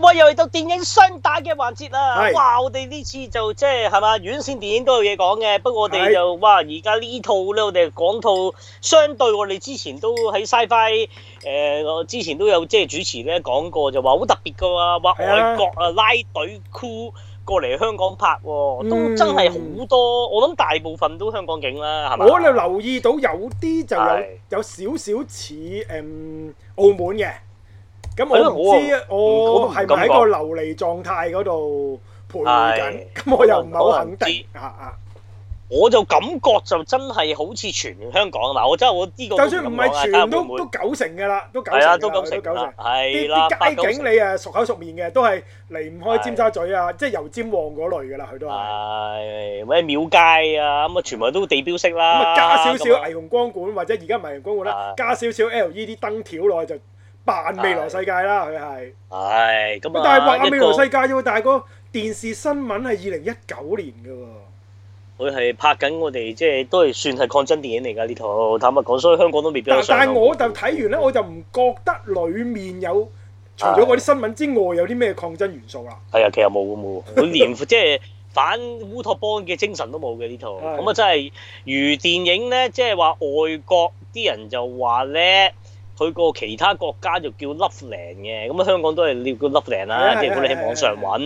喂，又嚟到電影雙打嘅環節啦！是哇，我哋呢次就即係係嘛，院線電影都有嘢講嘅。不過我哋就是哇，而家呢套咧，我哋講套相對我哋之前都喺 Sci-Fi 誒，我之前都有即係主持咧講過，就話好特別嘅喎，話外國啊，啊拉隊 crew 過嚟香港拍，啊，都真係好多。嗯、我諗大部分都香港景啦，係嘛？我哋留意到有啲就有是有少少似誒澳門嘅。咁我唔知我係咪喺個流離狀態嗰度徘徊緊，咁我又唔係好肯定啊啊！我就感覺就真係好似全香港嗱，我真係我呢個就算唔係全都都九成嘅啦，都九成啦，都九成啦，係啲街景你啊熟口熟面嘅都係離唔開尖沙咀啊，即係油尖旺嗰類嘅啦，佢都係。係咩廟街啊咁啊？全部都地標式啦。咁啊，加少少霓虹光管或者而家霓虹光管啦，加少少 LED 燈條落去就。扮未來世界啦，佢係、哎。係咁啊！但係話未來世界啫喎，個但係個電視新聞係二零一九年嘅喎。佢係拍緊我哋，即、就、係、是、都係算係抗爭電影嚟㗎呢套。坦白講，所以香港都未必比。但係我就睇完咧，我就唔覺得裡面有、哎、除咗嗰啲新聞之外，有啲咩抗爭元素啊？係啊，其實冇嘅冇喎，佢 連即係、就是、反烏托邦嘅精神都冇嘅呢套。咁啊，哎、真係如電影咧，即係話外國啲人，人就話咧。呢去過其他國家就叫 Loveland 嘅，咁啊，香港都係叫 Loveland 啦，即 如果你喺網上揾，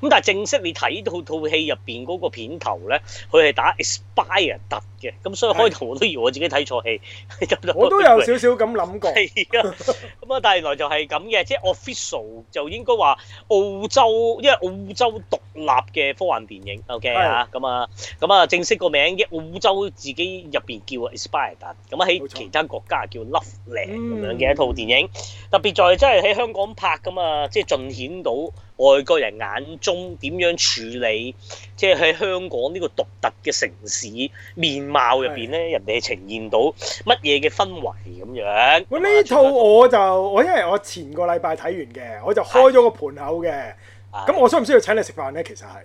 咁 但係正式你睇套套戲入邊嗰個片頭咧，佢係打 Expire 嘅，咁所以開頭我都以為我自己睇錯戲， 我都有少少咁諗過。係啊，咁啊，但原來就係咁嘅，即係 official 就應該話澳洲，因為澳洲獨立嘅科幻電影，OK 是的、嗯、啊，咁啊，咁啊，正式個名，澳洲自己入邊叫《Expired》咁，喺其他國家叫《Love Land》咁沒錯 樣嘅一套電影。特別在真係喺香港拍㗎嘛，即係盡顯到外國人眼中點樣處理，即係喺香港呢個獨特嘅城市面貌入邊咧，是的 人哋呈現到乜嘢嘅氛圍咁樣。我呢套我就我因為我前個禮拜睇完嘅，我就開咗個盤口嘅，咁是的 我需唔需要請你食飯咧？其實係。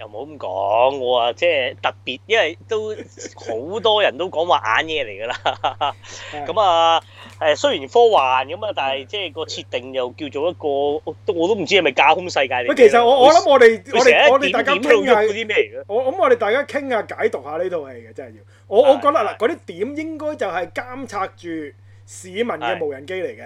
又冇咁講喎，即係特別，因為都好多人都講話硬嘢嚟噶啦。咁的啊，誒雖然科幻咁啊，但係即係個設定又叫做一個，我都我都唔知係咪架空世界嚟，其實我佢我諗我哋我哋我哋點點都啲咩嘅？我諗我哋大家傾下解讀下呢套戲嘅真係要。我的我覺得嗱，嗰啲點應該就係監察住市民嘅無人機嚟嘅。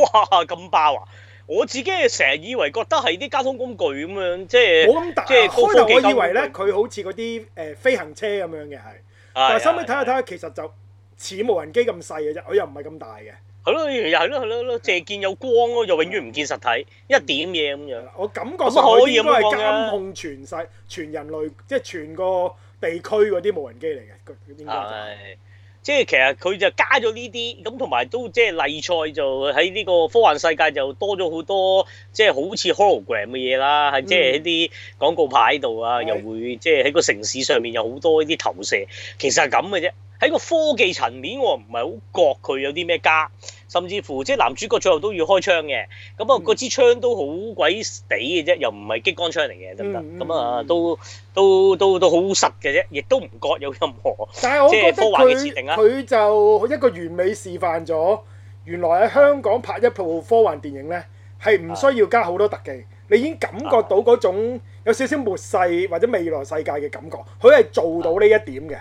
哇，咁包啊！我自己成日以為覺得係啲交通工具咁樣，即係即係開頭我以為咧，佢好似嗰啲誒飛行車咁樣嘅係，哎、呀但係收尾睇下睇下，哎、呀其實就似無人機咁細嘅啫，我又唔係咁大嘅。係咯，又係咯，係咯，咯，淨了見有光咯，又永遠唔見實體了一點嘢咁樣。我感覺上佢應該係監控全世全，全人類，即係全個地區嗰啲無人機嚟嘅，應該、就係哎即係其實佢就加咗呢啲，咁同埋都即係例賽就喺呢個科幻世界就多咗好多，即係好似 hologram 嘅嘢啦，係即係喺啲廣告牌度啊，的又會即係喺個城市上面有好多呢啲投射，其實係咁嘅啫，喺個科技層面喎，唔係好覺佢有啲咩加。甚至乎，即係男主角最後都要開槍嘅，咁啊，嗰支槍都好鬼死嘅啫，又唔係激光槍嚟嘅，得唔得？咁啊、嗯嗯嗯，都都都都好實嘅啫，亦都唔覺有任何即係但我 科幻嘅設定啦。佢就一個完美示範咗，原來喺香港拍一部科幻電影呢，係唔需要加好多特技，你已經感覺到嗰種有少少末世或者未來世界嘅感覺，佢係做到呢一點嘅。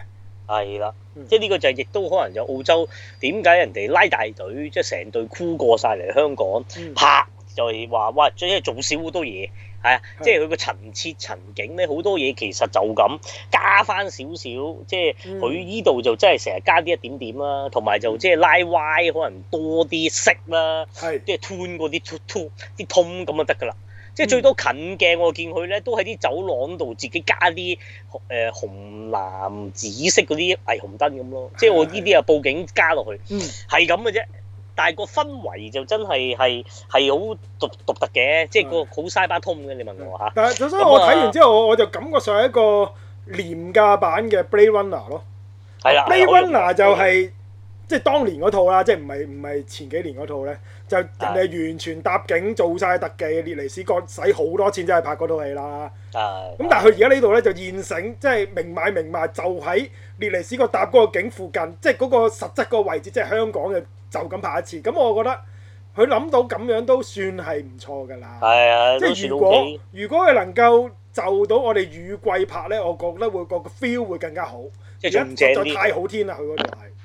係啦，即係呢個就係亦都可能就澳洲點解人哋拉大隊，即係成隊箍過晒嚟香港，啪就係話哇，即係做少好多嘢，係啊，即係佢個層設層景咧，好多嘢其實就咁加翻少少，即係佢依度就真係成日加啲一點點啦，同埋就即係拉歪可能多啲色啦，即係吞嗰啲通，啲通咁就得㗎啦。即係最多近鏡，我見佢咧都喺啲走廊度自己加啲紅誒紅藍紫色嗰啲霓虹燈咁咯。即係我呢啲啊佈景加落去，係咁嘅啫。但係個氛圍就真係係係好獨獨特嘅，即係個好西巴通嘅。你問我吓，但係首先我睇完之後，我、啊、我就感覺上係一個廉價版嘅 Blade Runner 咯。係啦的，Blade Runner 就係、是嗯、即係當年嗰套啦，即係唔係唔係前幾年嗰套咧？就人哋完全搭景的做晒特技，列尼斯角使好多錢真係拍嗰套戲啦。咁的但係佢而家呢度呢，就現成，即係明買明賣，就喺列尼斯角搭嗰個景附近，即係嗰個實質個位置，即係香港嘅就咁拍一次。咁我覺得佢諗到咁樣算的都算係唔錯㗎啦。即係如果如果佢能夠就到我哋雨季拍呢，我覺得會個 feel 會更加好。即係仲正啲。實在太好天啦，佢嗰度係。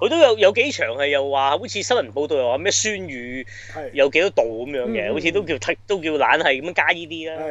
佢都有有幾場係又話，好、哎、似新聞報道又話咩酸雨，有幾多度咁樣嘅，好似、嗯嗯、都叫睇都叫懶係咁加依啲啦。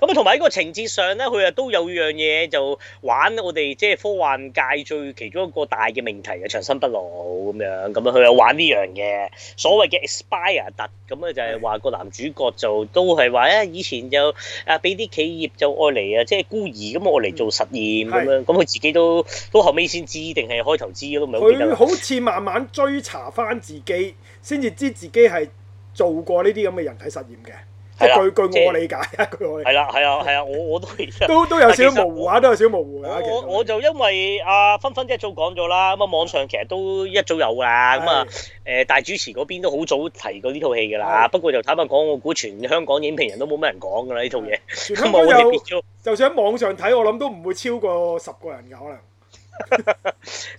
咁啊，同埋喺個情節上咧，佢啊都有樣嘢就玩我哋即係科幻界最其中一個大嘅命題啊，長生不老咁樣。咁啊，佢又玩呢樣嘅所謂嘅 expire 突。咁啊就係話個男主角就都係話咧，以前就啊俾啲企業就愛嚟啊，即、就、係、是、孤兒咁我嚟做實驗咁樣。咁佢自己都都後尾先知，定係開頭知都唔係好記得好似慢慢追查翻自己，先至知自己係做過呢啲咁嘅人體實驗嘅，即據據我理解啊，據我理解係啦，係啊，係啊，我我都都有少模糊啊，都有少模糊嘅。我我就因為阿分分一早講咗啦，咁啊網上其實都一早有啦，咁啊誒大主持嗰邊都好早提過呢套戲噶啦，不過就坦白講，我估全香港影評人都冇咩人講噶啦呢套嘢。咁就算喺網上睇，我諗都唔會超過十個人嘅可能。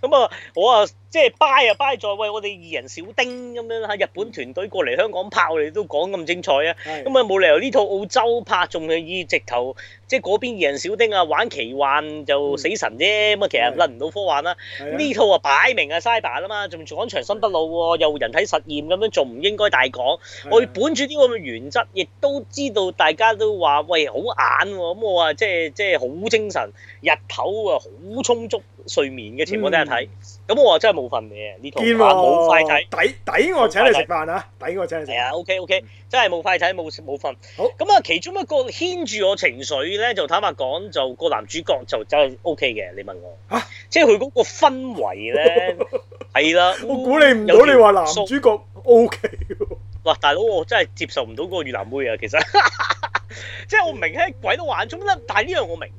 咁啊，我啊。即係 bye 啊 bye 再喂，我哋二人小丁咁樣喺日本團隊過嚟香港拍，我哋都講咁精彩啊。咁啊冇理由呢套澳洲拍，仲以直頭即係嗰邊二人小丁啊玩奇幻就死神啫。咁啊其實甩唔到科幻啦、啊。呢是的 套啊擺明啊曬棚啦嘛，仲講長生不老喎、啊，又人體實驗咁樣，仲唔應該大講？是的 我本住呢個嘅原則，亦都知道大家都話喂好眼喎、哦，咁我話即係即係好精神，日頭啊好充足睡眠嘅，情況都係睇，咁我真係冇份嘅呢套啊，冇了快睇，抵抵我請你食飯啊，抵我請你食啊。啊，OK OK，真係冇快睇，冇冇份。好，咁啊，其中一個牽住我情緒咧，就坦白講，就個男主角就真係 OK 嘅。你問我，啊，即係佢嗰個氛圍咧，係啦。我估你唔到你話男主角 OK 哇的，大佬我真係接受唔到嗰個越南妹啊，其實 即係我唔明佢鬼都玩，中乜但係呢樣我明。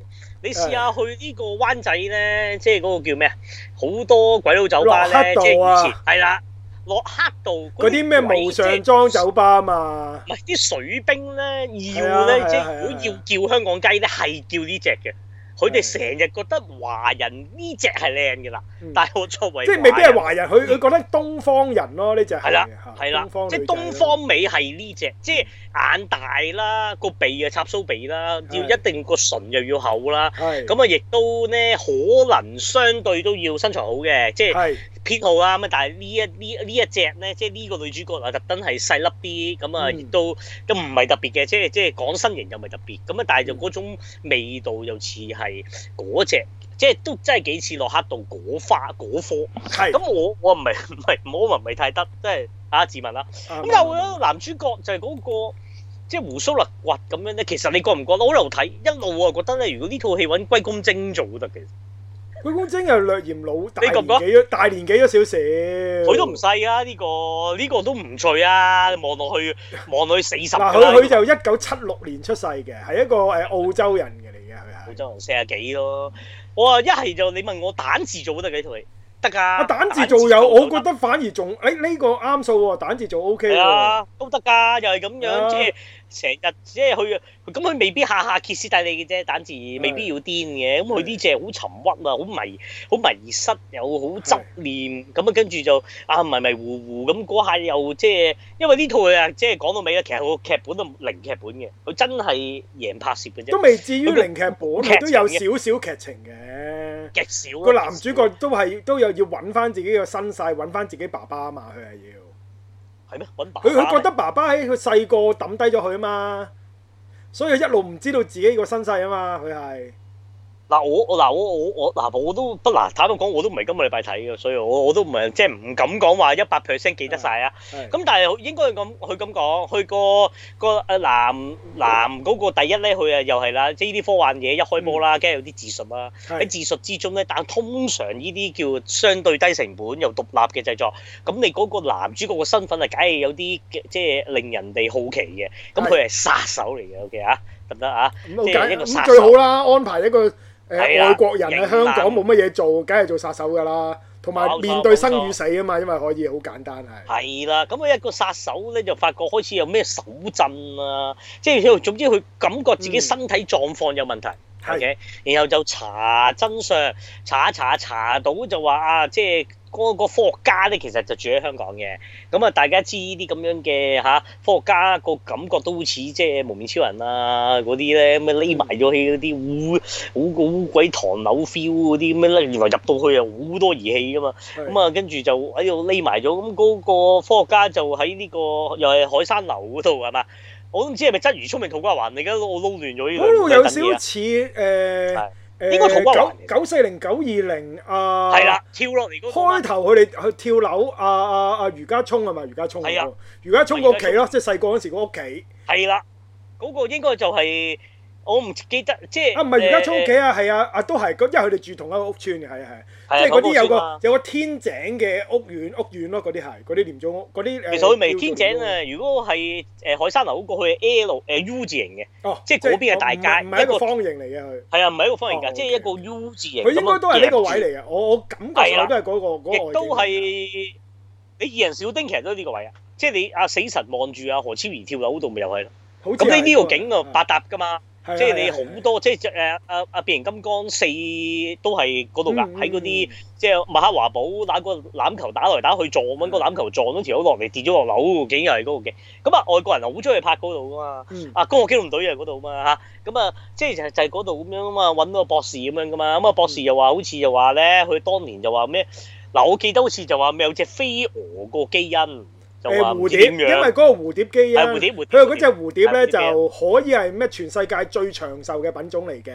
你試下去呢個灣仔咧，即係嗰個叫咩啊？好多鬼佬酒吧咧，即係以前係啦，駱克道嗰啲咩無上裝酒吧嘛，唔係啲水兵咧，要咧、啊啊、即係是、啊啊、如果要叫香港雞咧，係叫呢隻嘅。佢哋成日覺得華人呢隻係靚嘅啦，嗯、但係我作為即係未必係華人，佢佢、嗯、覺得東方人咯呢隻係啦係啦，即係東方美係呢隻，即係眼大啦，個鼻啊插須鼻啦，的要一定個唇又要厚啦，咁啊亦都咧可能相對都要身材好嘅，即係的。編號啊，咁啊，但係呢一呢呢一,一隻咧，即係呢個女主角點點啊，特登係細粒啲，咁啊，亦都都唔係特別嘅，即係即係講身形又唔係特別，咁啊，但係就嗰種味道又似係嗰隻，即係都真係幾似《落黑道》嗰花嗰科。係是。咁我我唔係唔係唔好話，唔係太得，即係啊自問啦。咁、嗯、但係我覺得男主角就係嗰、那個、就是那個、即係鬍鬚立骨咁樣咧，其實你覺唔覺，覺得好難睇？一路我啊覺得咧，如果呢套戲揾龜公精做都得嘅。佢本身又略嫌老，你覺大年紀咗少少，佢都唔細啊！呢、呢個呢、呢個都唔脆啊！望落去，望落去四十。嗱， 佢佢就一九七六年出世嘅，係一個誒澳洲人嚟嘅，係咪啊？澳洲人四啊幾咯，我話一係就你問我膽字做得幾脆，得㗎、啊。膽字做有，做我覺得反而仲誒呢個啱數喎、啊，膽字做 O K 喎，都得㗎、啊，又係咁樣即係。Yeah. 成日即係佢，咁佢未必下下歇斯底里嘅啫，等住未必要癲嘅。咁佢呢隻好沉鬱是啊，好迷，好迷失，又好執念。咁啊，跟住就啊迷迷糊糊咁嗰下又即係，因為呢套啊即係講到尾啦，其實個劇本都零劇本嘅，佢真係贏拍攝嘅啫。都未至於零劇本，都就有少少劇情嘅。極少個男主角都係都有要揾翻自己嘅身世，揾翻自己爸爸啊嘛，佢係要。佢佢覺得爸爸喺佢細個抌低咗佢啊嘛，所以一路唔知道自己個身世啊嘛，佢係。嗱，我我嗱我我我嗱，我都不嗱，坦白講，我都唔係今個禮拜睇嘅，所以我我都唔係即係唔敢講話一百 percent 記得曬啊。咁但係應該咁，佢咁講，去個個誒男男嗰個第一咧，佢啊又係啦，即係依啲科幻嘢一開波啦，梗係有啲智術啦。喺智術之中咧，但係通常依啲叫相對低成本又獨立嘅製作，咁你嗰個男主角嘅身份啊，梗係有啲嘅，即係令人哋好奇嘅。咁佢係殺手嚟嘅，OK 啊？是咁得啊！咁梗咁最好啦，啊，安排一個誒、呃啊、外國人喺、啊、冷香港冇乜嘢做，梗係做殺手噶啦。同埋面對生與死啊嘛，錯因為可以好簡單係。係啦，啊，咁啊一個殺手咧就發覺開始有咩手震啊，即係總之佢感覺自己身體狀況有問題。係。然後就查真相，查一查查到就話啊，即係。嗰個科學家咧，其實就住喺香港嘅。咁啊，大家知呢啲咁樣嘅嚇科學家個感覺都好似即係無面超人啦，嗰啲咧咩匿埋咗起嗰啲，好好鬼唐樓 feel 嗰啲咁咧。原來入到去啊，好多儀器噶嘛。咁啊，跟住就喺度匿埋咗。咁嗰個科學家就喺呢、呢個又係海山樓嗰度，係嘛？我都唔知係咪鰂魚聰明土瓜灣。而家我撈亂咗呢度。嗯、有少少似誒。呃應該淘寶、呃、九九四零九二零啊，係、呃、啦，跳落嚟嗰個。開頭佢哋去跳樓，阿阿阿余家聰啊嘛，余家聰係咪余家聰個屋企咯，即係細個嗰時個屋企。係啦，嗰、嗰個應該就係、係、我唔記得，即、就、係、係、啊，唔係余家聰屋企啊，係啊、呃，啊都係，因為佢哋住同一個屋村嘅，係啊係。即係啲有個有個天井嘅屋苑屋苑咯，嗰啲係嗰啲廉租屋嗰啲。其實佢唔係天井啊，如果係誒海山樓嗰個係 L 誒 U 字型嘅，即係嗰邊係大街，唔係一個方形嚟嘅佢。係啊，唔係一個方形㗎，即係一個 U 字型。佢應該都係呢個位嚟嘅。我我感覺都係嗰個亦都係你二人小丁，其實都呢個位啊！即係你阿死神望住啊，何超兒跳樓度，咪又係咯？咁你呢個景啊，八打噶嘛？即係你好多，即係只阿阿變形金剛四都係嗰度㗎，喺嗰啲即係麥克華堡打個攬球打來打去撞，揾、嗯、個攬球撞到條好落嚟跌咗落樓，竟然又係嗰度嘅。咁啊，外國人好中意拍嗰度噶嘛，阿、嗯《哥與機器人》嗰度啊嘛嚇。咁啊，即係就係就係嗰度咁樣啊嘛，揾到個博士咁樣噶嘛。咁、嗯、啊，嗯、博士又話好似又話咧，佢當年就話咩？嗱、啊，我記得好似就話咪有隻飛蛾個基因。呃、蝴蝶，因為嗰個蝴蝶基因，啊，佢嗰隻蝴蝶咧就可以係咩全世界最長壽嘅品種嚟嘅。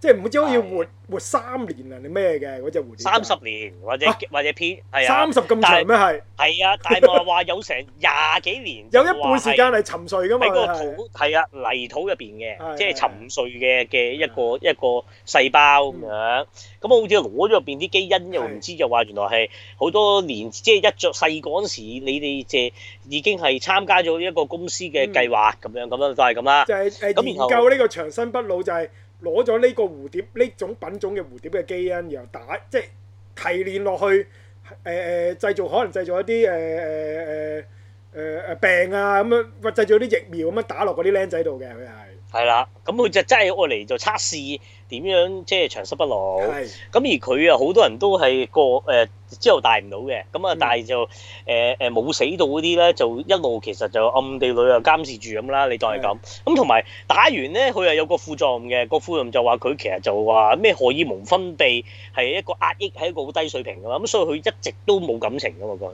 即係唔知可以活活三年啊？你咩嘅嗰隻蝴三十年或者或者編係啊，三十咁大咩係？係啊，但係話有成廿幾年，有一半時間係沉睡噶嘛。喺個土係啊，泥土入邊嘅，即係沉睡嘅嘅一個一個細胞咁樣。咁啊，好似攞咗入邊啲基因，又唔知就話原來係好多年，即係一着細個嗰陣時，你哋就已經係參加咗一個公司嘅計劃咁樣，咁樣都係咁啦。就係誒研究呢個長生不老就係。攞咗呢個蝴蝶呢種品種嘅蝴蝶嘅基因，然後打即係提煉落去，誒、呃、誒製造可能製造一啲誒誒誒誒誒病啊咁樣，或製造啲疫苗咁樣打落嗰啲僆仔度嘅，佢係係啦，咁佢就真係攞嚟做測試。點樣即係長生不老？咁的而佢啊，好多人都係過誒之後帶唔到嘅，咁啊，但係就誒誒冇死到嗰啲咧，就一路其實就暗地裏又監視住咁啦。你當係咁。咁同埋打完咧，佢又有個副作用嘅，個副作用就話佢其實就話咩荷爾蒙分泌係一個壓抑，係一個好低水平㗎嘛。咁所以佢一直都冇感情㗎嘛，佢。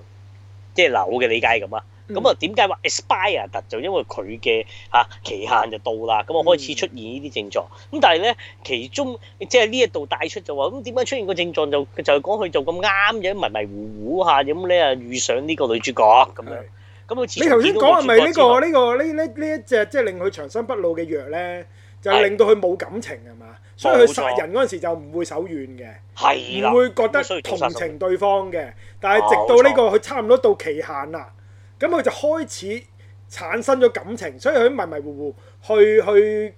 即係老嘅理解係咁啊，咁啊點解話 expire 特就因為佢嘅嚇期限就到啦，咁啊開始出現呢啲症狀。咁、嗯、但係咧，其中即係呢一度帶出就話，咁點解出現個症狀就就係講佢就咁啱嘅迷迷糊糊嚇，咁你啊遇上呢個女主角咁樣。咁是、嗯、你頭先講係咪呢個呢、這個呢呢呢一隻即係令佢長生不老嘅藥咧，就令到佢冇感情係嘛，錯所以佢殺人嗰陣時就唔會手軟嘅，唔會覺得同情對方嘅。但係直到呢個佢差唔多到期限啦，咁佢就開始產生咗感情，所以佢迷迷糊糊去去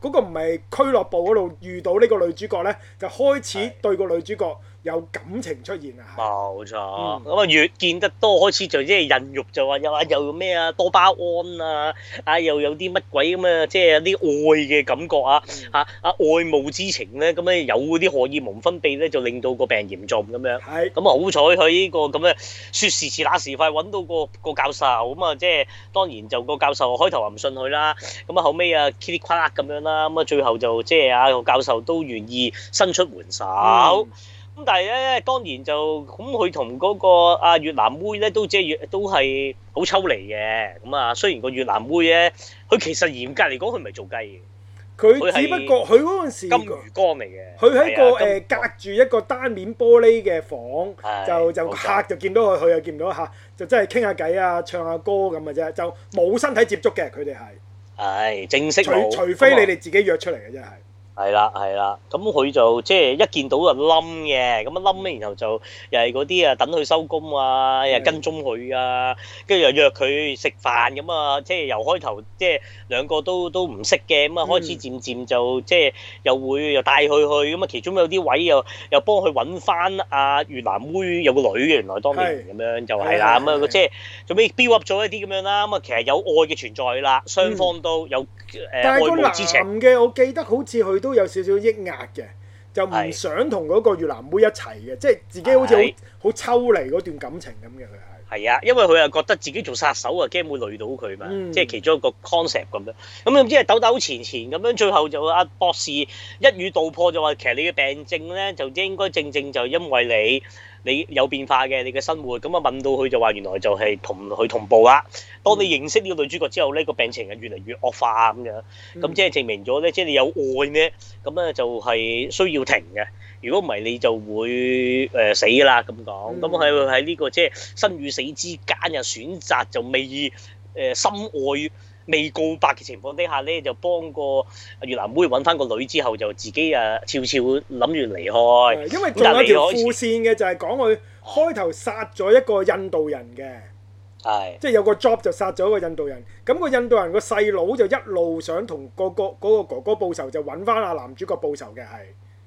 嗰個唔係俱樂部嗰度遇到呢個女主角呢，就開始對個女主角有感情出現啊！冇錯，咁啊、嗯、越見得多開始就即係人肉就話又話又咩啊，多巴胺啊，啊又有啲乜鬼咁啊，即係有啲愛嘅感覺啊嚇、嗯、啊愛慕之情咧，咁啊有啲荷爾蒙分泌咧，就令到個病嚴重咁樣。咁啊好彩佢呢個咁嘅，説時遲那時快揾到、那個個教授咁啊，即係、就是、當然就個教授開頭話唔信佢啦，咁啊後尾啊噼里啪啦咁樣啦，咁啊最後就即係啊個教授都願意伸出援手。嗯咁但係咧，當然就咁，佢同嗰個啊越南妹咧，都即係都係好抽離嘅。咁啊，雖然個越南妹咧，佢其實嚴格嚟講，佢唔係做雞嘅，佢只不過佢嗰陣時金魚缸嚟嘅，佢喺個誒、啊、隔住一個單面玻璃嘅房，就、啊、就客就見到佢，佢又、啊、見唔到客，就真係傾下偈啊，唱下歌咁嘅啫，就冇身體接觸嘅，佢哋係，係、啊、正式，除除非你哋自己約出嚟嘅真係。嗯嗯係啦，係啦，咁佢就即係一見到就冧嘅，咁啊冧咧，然後就又係嗰啲啊等佢收工啊，又跟蹤佢啊，跟住的又約佢食飯咁啊，即係由開頭即係兩個都都唔識嘅，咁啊開始漸漸就即係又會又帶佢去，咁啊其中有啲位又又幫佢揾翻阿越南妹有個女嘅，原來當年咁的樣就係、是、啦，咁啊即係最屘 build up 咗一啲咁樣啦，咁啊其實有愛嘅存在啦，雙方都有誒愛慕之情嘅，我記得好似佢。都有少少抑壓嘅，就唔想同嗰個越南妹一齊嘅，的即係自己好似好抽離嗰段感情咁嘅佢係。係啊，因為佢又覺得自己做殺手啊，驚會累到佢嘛，嗯、即係其中一個 concept 咁樣。咁點知係抖抖纏纏咁樣，最後就阿、啊、博士一語道破就話，其實你嘅病症咧，就應該正正就係因為你。你有變化嘅，你嘅生活咁啊，問到佢就話原來就係同佢同步啦。當你認識呢個女主角之後，呢、這個病情係越嚟越惡化咁樣，咁即係證明咗呢，即、就、係、是、你有愛呢，咁咧就係需要停嘅。如果唔係你就會誒、呃、死啦咁講。咁喺喺呢個即係、就是、生與死之間嘅選擇就未誒深、呃、愛。未告白嘅情況底下呢，就幫個越南妹揾翻個女之後，就自己啊悄悄諗住離開。因為仲有條副線嘅，就係講佢開頭殺咗一個印度人嘅，即係的有個 job 就殺咗個印度人。咁個印度人個細佬就一路想同個哥，嗰個哥哥報仇，就揾翻阿男主角報仇嘅。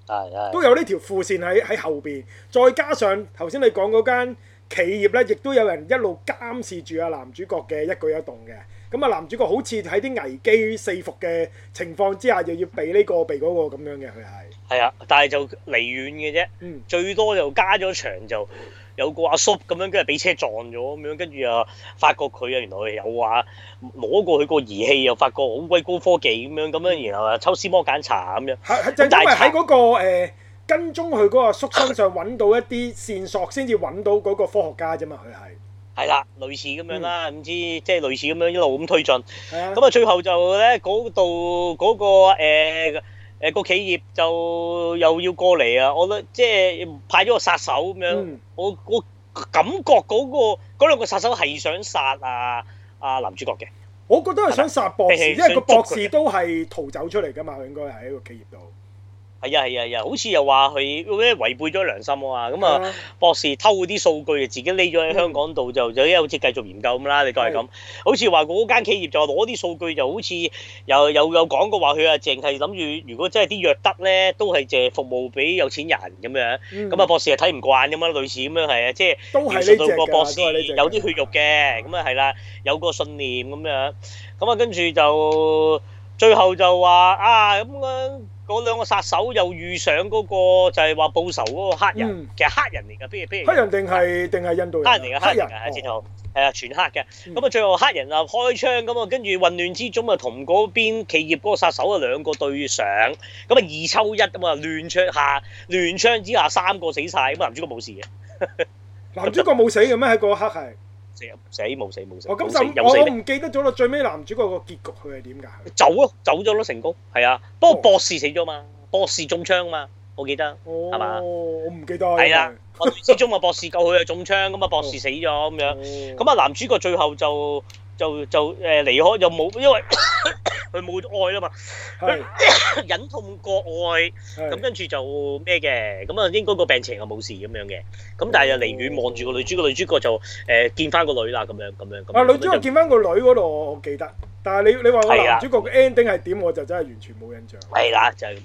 係的都有呢條副線喺喺後邊，再加上頭先你講嗰間企業呢，亦都有人一路監視住阿男主角嘅一舉一動嘅。咁啊，男主角好似喺啲危機四伏嘅情況之下，就要避呢個避嗰個咁樣嘅佢係。係啊，但係就離遠嘅啫。嗯，最多就加咗場就有個阿叔咁樣，跟住俾車撞咗咁樣，跟住啊發覺佢啊原來有話攞過佢個儀器，又發覺好鬼高科技咁樣咁樣，然後啊抽絲剝繭查咁樣。係係，因為喺嗰個誒跟蹤佢嗰個阿叔身上揾到一啲線索，先至揾到嗰個科學家啫嘛，佢係。係啦，類似咁樣啦，唔、嗯、知即係類似咁樣一路咁推進。咁啊、嗯，最後就咧嗰度嗰個誒誒、那個欸那個、企業就又要過嚟啊！我覺得即係派咗個殺手咁樣，嗯、我我感覺嗰、那個嗰兩個殺手係想殺啊啊男主角嘅。我覺得係想殺博士，因為個博士都係逃走出嚟㗎嘛，佢應該係喺個企業度。係啊係啊，又好似又話佢咩違背咗良心啊，咁啊博士偷嗰啲數據自己匿咗喺香港度就、嗯、就好似繼續研究咁啦，你都係咁。的好似話嗰間企業就攞啲數據就好似又又又講過話佢啊，淨係諗住如果真係啲藥得咧，都係淨係服務俾有錢人咁樣。咁啊、嗯、博士啊睇唔慣咁啊，類似咁樣係啊，即係遇到個博士有啲血肉嘅，咁啊係啦，有個信念咁樣。咁啊跟住就最後就話啊咁樣。啊啊啊啊啊嗰兩個殺手又遇上嗰個就係話報仇嗰個黑人，嗯、其實黑人嚟嘅，邊邊人？黑人定係定係印度人？黑人嚟嘅，黑人嘅，係戰後，啊、哦，全黑嘅。咁啊、嗯，最後黑人啊開槍咁啊，跟住混亂之中啊，同嗰邊企業嗰個殺手啊兩個對上，咁啊二抽一咁啊亂槍下亂槍之下三個死晒。咁啊男主角冇事嘅。男 主角冇死嘅咩？喺嗰刻係。死冇死冇死，死我咁就我唔記得咗啦。最尾男主角個結局佢係點噶？走咯，走咗咯，成功係啊。不過博士死咗嘛，oh. 博士中槍嘛，我記得係嘛？Oh. 吧我唔記得係啦。始終啊博士救佢啊，中槍咁啊，博士死咗咁樣，咁啊、oh. oh. 男主角最後就。就就誒離開又冇，因為佢冇愛啊嘛，忍痛割愛咁，跟住就咩嘅，咁啊應該個病情又冇事咁樣嘅，咁但係又離遠望住個女主角，女主角就誒見翻個女啦咁樣咁樣。啊，女主角見翻個女嗰度，我記得，但係你你話個男主角嘅 ending 係點，我就真係完全冇印象。係啦，就係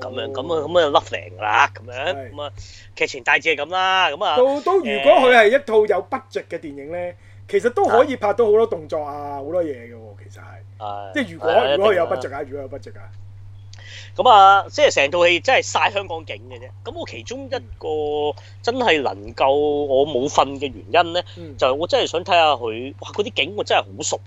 咁樣咁樣咁啊咁啊甩平啦咁樣咁啊，劇情大致係咁啦，咁啊。都都，如果佢係一套有 budget 嘅電影咧。其實都可以拍到好多動作啊，好多嘢嘅喎，其實係，對即係如果如果有不值啊，如果有不值啊。咁啊，即係成套戲真係晒香港景嘅啫。咁我其中一個真係能夠我冇瞓嘅原因咧，嗯、就係我真係想睇下佢，哇！嗰啲景我真係好熟，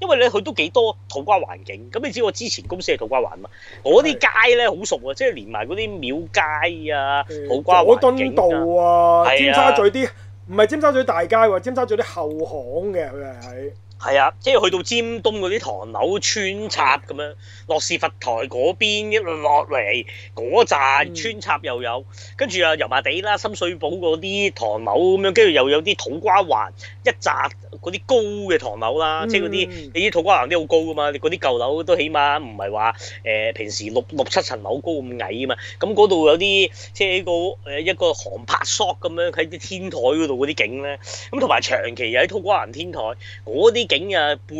因為咧佢都幾多土瓜灣景。咁你知我之前公司係土瓜灣嘛？我啲街咧好熟啊，對即係連埋嗰啲廟街啊、對土瓜灣景、啊嗯、佐敦道啊、尖沙咀啲。唔係尖沙咀大街喎，尖沙咀啲後巷嘅，佢係喺。是係啊，即係去到尖東嗰啲唐樓穿插咁樣，樂士佛台嗰邊一落嚟嗰扎穿插又有，跟住啊油麻地啦、深水埗嗰啲唐樓咁樣，跟住又有啲土瓜灣一扎嗰啲高嘅唐樓啦，嗯、即係嗰啲你啲土瓜灣啲好高噶嘛，你嗰啲舊樓都起碼唔係話誒平時六六七層樓高咁矮啊嘛，咁嗰度有啲即係個誒一個航拍 shot 咁樣喺啲天台嗰度嗰啲景咧，咁同埋長期又喺土瓜灣天台啲。景啊，背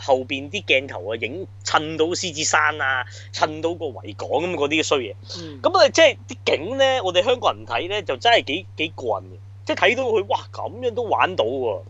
後邊啲鏡頭啊，影襯到獅子山啊，襯到個維港咁嗰啲衰嘢。咁啊、嗯，即係啲景咧，我哋香港人睇咧就真係幾幾過癮嘅。即係睇到佢，哇，咁樣都玩到喎。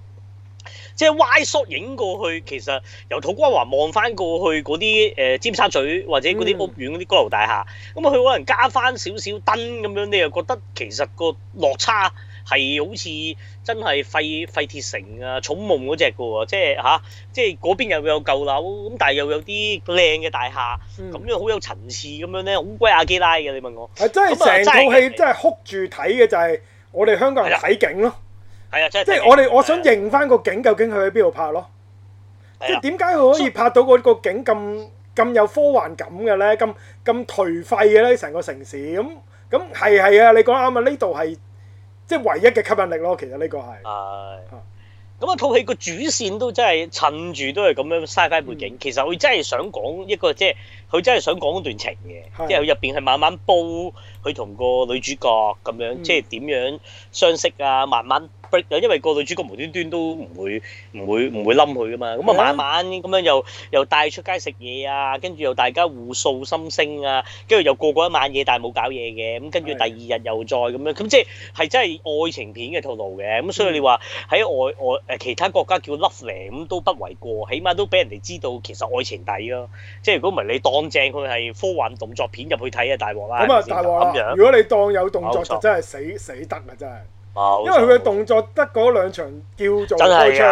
即係 wide shot 影過去，其實由土瓜灣望翻過去嗰啲誒尖沙咀或者嗰啲屋苑嗰啲高樓大廈，咁啊佢可能加翻少少燈咁樣，你又覺得其實個落差。係好似真係廢廢鐵城啊，銃夢嗰隻噶喎，即係嚇，即係嗰邊又有舊樓，咁但係又有啲靚嘅大廈，咁樣好有層次咁樣咧，好鬼阿基拉嘅你問我，係真係成套戲真係哭住睇嘅就係我哋香港人睇景咯，係啊，即係即係我哋我想認返個景究竟佢喺邊度拍咯，即係點解佢可以拍到嗰個景咁咁有科幻感嘅咧，咁咁頹廢嘅咧，成個城市咁咁係係啊，你講啱啊，呢度係。即係唯一嘅吸引力咯，其實呢個係。係。咁啊，套戲個主線都真係襯住都係咁樣，嘥曬背景。嗯、其實佢真係想講一個，即係佢真係想講一段情嘅，是的 即係佢入邊係慢慢煲佢同個女主角咁樣，嗯、即係點樣相識啊，慢慢。因為個女主角無端端都唔會唔會唔會冧佢噶嘛，咁啊、嗯、晚晚咁樣又、嗯、又帶出街食嘢啊，跟住又大家互訴心聲啊，跟住又過過一晚嘢，但係冇搞嘢嘅，咁跟住第二日又再咁樣，咁的即係係真係愛情片嘅套路嘅，咁所以你話喺外外誒其他國家叫 Loveland 咁都不為過，起碼都俾人哋知道其實愛情底咯、啊。即係如果唔係你當正佢係科幻動作片入去睇啊，大鑊啦！咁啊大鑊啦！如果你當有動作沒錯 就真係死死，死得啊真係。因為佢嘅動作得嗰兩場叫做開槍，就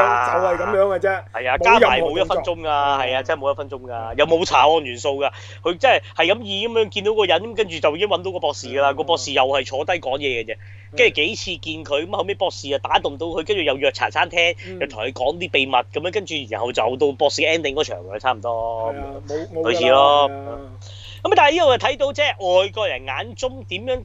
係咁樣嘅啫，係啊，加埋冇一分鐘噶係啊、嗯，真係冇一分鐘噶，嗯、又冇查案元素噶，佢真係係咁易咁樣見到個人，跟住就已經揾到個博士噶啦，的個博士又係坐低講嘢嘅啫，跟住的幾次見佢，咁後尾博士啊打動到佢，跟住又約茶餐廳，嗯、又同佢講啲秘密咁樣，跟住然後就到博士 ending 嗰場，差唔多，係啊的，冇冇啊，咁但係呢度就睇到即係外國人眼中點樣。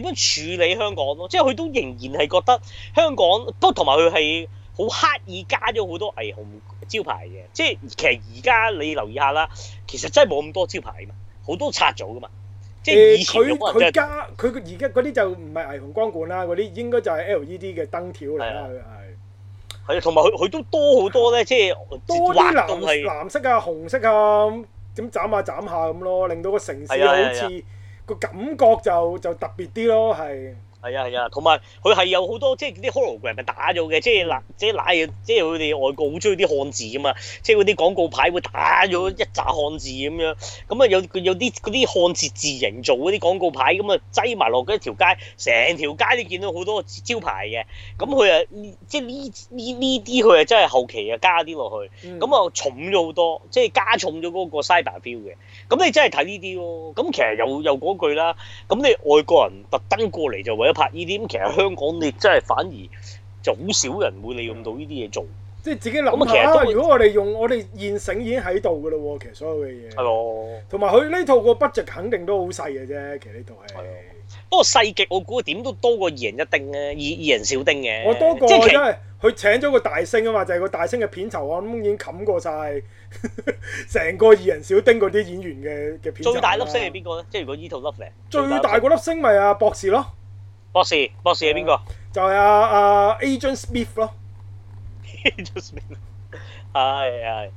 點樣處理香港咯？即係佢都仍然係覺得香港，都同埋佢係好刻意加咗好多霓虹招牌嘅。即係其實而家你留意下啦，其實真係冇咁多招牌啊嘛，好多拆咗噶嘛。即係佢佢加佢而家嗰啲就唔係霓虹光管啦，嗰啲應該就係 LED 嘅燈條嚟啦。佢係啊，同埋佢佢都多好多咧，即係多啲藍藍色啊，紅色啊，咁斬下、啊、斬下咁咯，令到個城市好似～個感覺就就特別啲咯，係。係啊係啊，同埋佢係有好多即係啲 hologram 咪打咗嘅，即係嗱，即係嘢，即係佢哋外國好中意啲漢字㗎嘛，即係嗰啲廣告牌會打咗一紮漢字咁樣，咁啊有有啲啲漢字字形做嗰啲廣告牌，咁啊擠埋落嗰一條街，成條街都見到好多招牌嘅，咁佢啊即係呢呢呢啲佢啊真係後期啊加啲落去，咁啊、嗯、重咗好多，即係加重咗嗰個 cyber feel 嘅，咁你真係睇呢啲咯，咁其實又又嗰句啦，咁你外國人特登過嚟就為咗。拍依啲咁，其實香港你真係反而就好少人會利用到呢啲嘢做，即係自己諗，其實都係。如果我哋用我哋現成已經喺度嘅咯喎，其實所有嘅嘢係咯，同埋佢呢套個 budget 肯定都好細嘅啫。其實呢套戲，不過細極我估點都多過二人一丁咧，啊，二二人小丁嘅，啊。我多過即係佢請咗個大星啊嘛，就係、是、個大星嘅片酬我諗已經冚過晒成 個二人小丁嗰啲演員嘅嘅片。最大粒星係邊個咧？即係如果呢套粒嚟，最大嗰粒星咪阿、啊、博士咯。博士，博士係邊個？ 就係阿阿 Agent Smith 咯，Agent Smith 係係，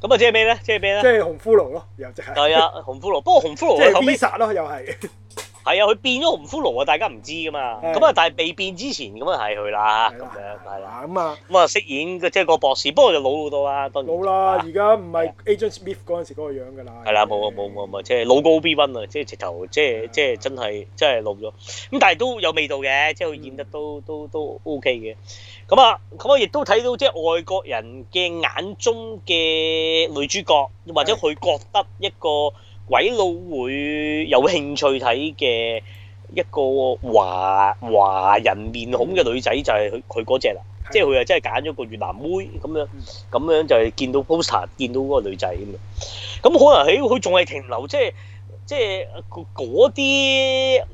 咁啊即係咩咧？即係咩咧？即係紅骷髏咯，又即係。係啊，紅骷髏，不過紅骷髏。即係 V 煞咯，又係。 係啊，佢變咗紅骷髏啊，大家唔知噶嘛。咁啊，但係未變之前咁啊係佢啦，咁樣係啦。咁啊，咁啊飾演即係個博士，不過就老好多啦，當然老啦。而家唔係 Agent Smith 嗰陣時嗰個樣㗎啦。係啦，冇啊，冇冇冇，即係老過 Obi-Wan 啊，即係直頭即係即係真係即係老咗。咁但係都有味道嘅，即係佢演得都都都 OK 嘅。咁啊，咁我亦都睇到即係外國人嘅眼中嘅女主角，或者佢覺得一個。鬼佬會有興趣睇嘅一個華華人面孔嘅女仔就係佢佢嗰隻啦，的即係佢係真係揀咗個越南妹咁樣，咁樣就係見到 poster，見到嗰個女仔咁樣。咁可能喺佢仲係停留，即係即係嗰啲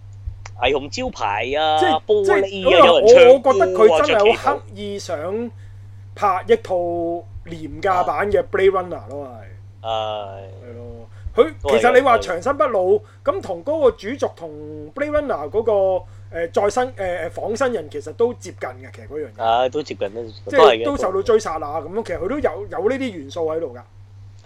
霓虹招牌啊、即係玻璃啊，有人唱，我覺得佢真係好刻意想拍一套廉價版嘅 Blade Runner 咯，係係、啊。啊佢其實你話長生不老咁，同嗰個主軸同 Blade Runner 嗰個、呃、再生誒誒、呃、仿生人其實都接近嘅，其實嗰樣嘢啊，都接近啦，即係都，都受到追殺啊咁樣，其實佢都有有呢啲元素喺度噶，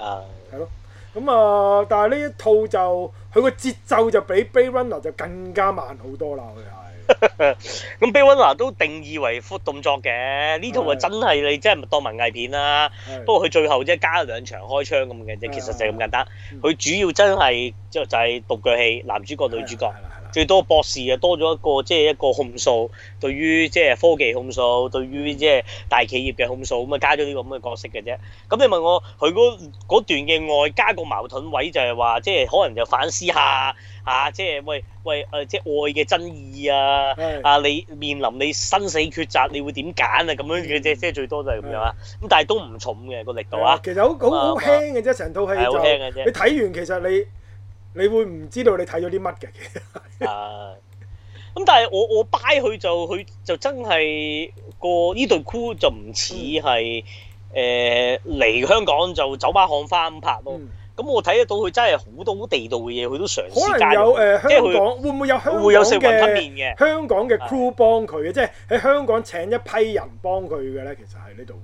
係咯，咁啊，的嗯、但係呢一套就佢個節奏就比 Blade Runner 就更加慢好多啦，其實。咁《悲運》嗱都定義為 foot 動作嘅，呢套啊真係的你真係當文藝片啦。的不過佢最後即係加咗兩場開槍咁嘅啫，的其實就係咁簡單。佢的主要真係就就係獨腳戲，男主角、女主角最多博士啊，多咗一個即係、就是、一個控訴、就是，對於即係科技控訴，對於即係大企業嘅控訴，咁、就、啊、是、加咗呢個咁嘅角色嘅啫。咁你問我，佢嗰段嘅外加個矛盾位就係話，即、就、係、是、可能就反思下。啊，即係喂喂誒、呃，即係愛嘅爭議啊！的啊，你面臨你生死抉擇，你會點揀啊？咁樣嘅啫，即係的最多就係咁樣的啊。咁但係都唔重嘅個力度啊。其實好好輕嘅啫，成套的戲。好輕嘅啫。你睇完其實你，你會唔知道你睇咗啲乜嘅？啊，咁但係我我 buy 佢就佢就真係個呢對箍，就唔似係誒嚟香港就酒吧巷花咁拍咯。嗯嗯嗯咁我睇得到佢真係好多好地道嘅嘢，佢都嘗試。可能有誒、呃、香港，會唔會有香港嘅面？會會有香港嘅 crew 幫佢嘅，啊、即係喺香港請一批人幫佢嘅咧，其實係呢度會。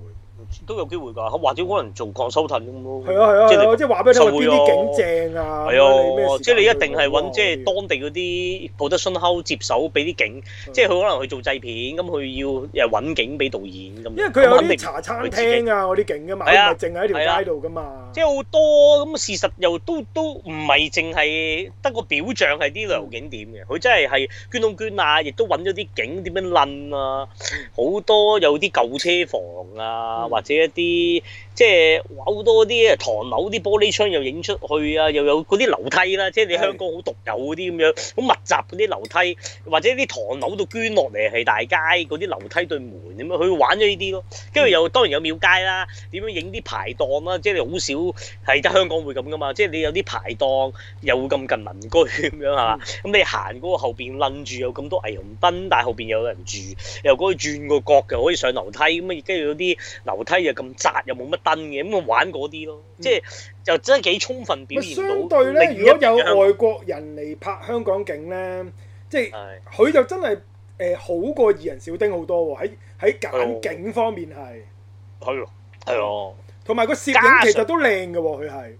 都有機會㗎，或者可能做廣州㓥咁咯。係啊，係啊，係啊，即係話俾你聽邊啲景正啊。係啊，即係你一定係揾即係當地嗰啲 production house 接手，俾啲景。即係佢可能去做製片，咁佢要又揾景俾導演。因為佢肯定茶餐廳啊嗰啲景㗎嘛，佢啊，唔係淨喺條街度㗎嘛。即係好多咁，事實又都都唔係淨係得個表象係啲旅遊景點嘅，佢真係係捐窿捐啊，亦都揾咗啲景點樣撚啊，好多有啲舊車房啊。或者一啲即係好多啲唐樓啲玻璃窗又影出去啊，又有嗰啲樓梯啦、啊，即、就、係、是、你香港好獨有嗰啲咁樣，好 密集嗰啲樓梯，或者啲唐樓度捐落嚟係大街嗰啲樓梯對門咁、嗯、啊，佢玩咗呢啲咯。跟住又當然有廟街啦，點樣影啲排檔啦、啊？即係你好少係得香港會咁噶嘛？即、就、係、是、你有啲排檔又咁近民居咁樣係嘛？咁你行嗰個後邊擸住有咁多霓虹燈，但係後邊有人住，又可以轉個角又可以上樓梯咁啊！跟住有啲樓梯又咁窄又，又冇乜燈嘅，咁我玩嗰啲咯，嗯、即係就真係幾充分表現到。對咧，如果有外國人嚟拍香港景咧，即係佢的就真係誒、呃、好過二人小丁好多喎。喺喺揀景方面，係係喎係喎，同埋個攝影其實都靚㗎喎，佢係。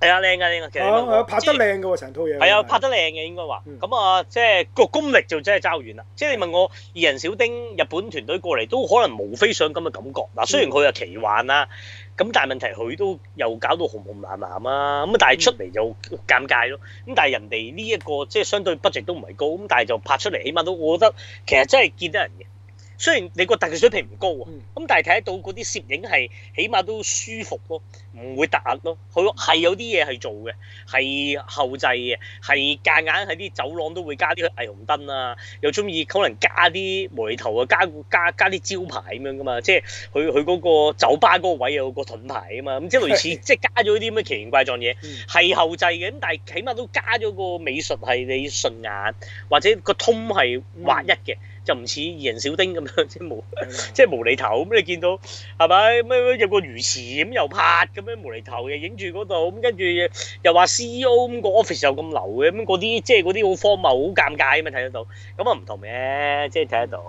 係啊，靚啊，靚啊。其實拍得靚嘅喎成套嘢。係啊，拍得靚嘅應該話，咁啊、嗯、即係個功力就真係爭完啦。即係你問我二人小丁日本團隊過嚟都可能無非想咁嘅感覺。嗱，雖然佢係奇幻啦、啊，咁但係問題佢都又搞到紅紅藍藍啊，咁但係出嚟就尷尬咯。咁、嗯、但係人哋呢一個即係相對 budget 都唔係高，咁但係就拍出嚟起碼都我覺得其實真係見得人嘅。雖然你個特技水平唔高啊，咁但係睇到嗰啲攝影係起碼都舒服咯，唔會突兀咯。佢係有啲嘢係做嘅，係後製嘅，係夾硬喺啲走廊都會加啲霓虹燈啊，又中意可能加啲無釐頭啊，加加加啲招牌咁樣噶嘛，即係佢佢嗰個酒吧嗰個位有個盾牌啊嘛，咁即係類似即係 加咗啲咩奇形怪狀嘢，係後製嘅，咁但係起碼都加咗個美術係你順眼，或者個 tone 係劃一嘅。嗯就唔似二人小丁咁樣，即係無即係無釐頭咁。你見到係咪咩有個魚池咁又拍咁樣無厘頭嘅影住嗰度咁，跟住又話 CEO 咁個 office 又咁流嘅咁嗰啲，即係嗰啲好荒謬、好尷尬咁睇得到。咁啊唔同嘅，即係睇得到，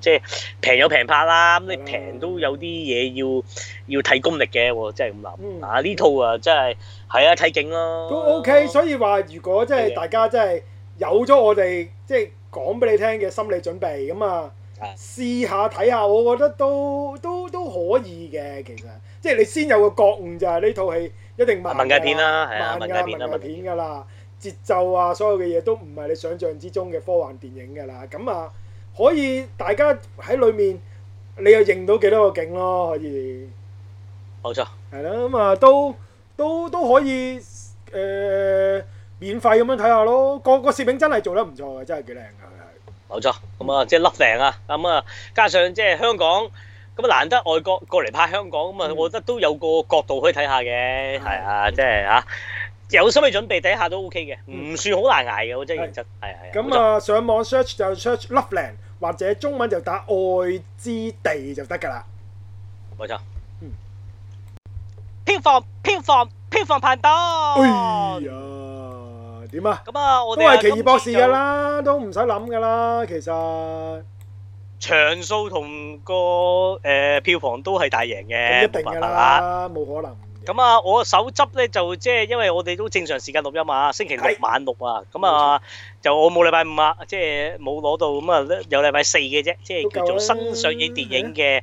即係平有平拍啦。咁你平都有啲嘢要要睇功力嘅即係咁諗啊呢套啊，真係係啊睇景咯。都 OK，所以話如果即係大家真係有咗我哋即係。講俾你聽嘅心理準備咁啊，試下睇下，我覺得都都都可以嘅，其實即係你先有個覺悟就係呢套戲一定慢嘅片啦、啊，慢的片啊片㗎、啊、啦，啊、節奏啊所有嘅嘢都唔係你想象之中嘅科幻電影㗎啦。咁啊，可以大家喺裏面你又認到幾多個景咯？可以冇沒錯，係啦、啊，咁啊都都都可以誒、呃、免費咁樣睇下咯。個個攝影真係做得唔錯嘅，真係幾靚。冇錯，咁、嗯、啊，嗯、即係 Loveland 啊，咁啊，加上即係香港，咁啊，難得外國過嚟拍香港，咁啊、嗯，我覺得都有個角度可以睇下嘅。係、嗯、啊，即、就、係、是、啊，有心理準備底下都 OK 嘅，唔算好難捱嘅，嗯、我真認真。係啊係啊。咁啊錯、嗯嗯，上網 search 就 search Loveland，或者中文就打愛之地就得㗎啦。冇錯。嗯。票房票房票房排行榜點啊？咁啊，都係奇異博士㗎啦，都唔使諗㗎啦，其實場數同個誒票房都係大贏嘅，一定㗎啦，冇可能。咁啊，我手執咧就即係因為我哋都正常時間錄音啊，星期六晚錄啊，咁啊就我冇禮拜五啊，即係冇攞到，咁啊有禮拜四嘅啫，即係叫做新上映電影嘅。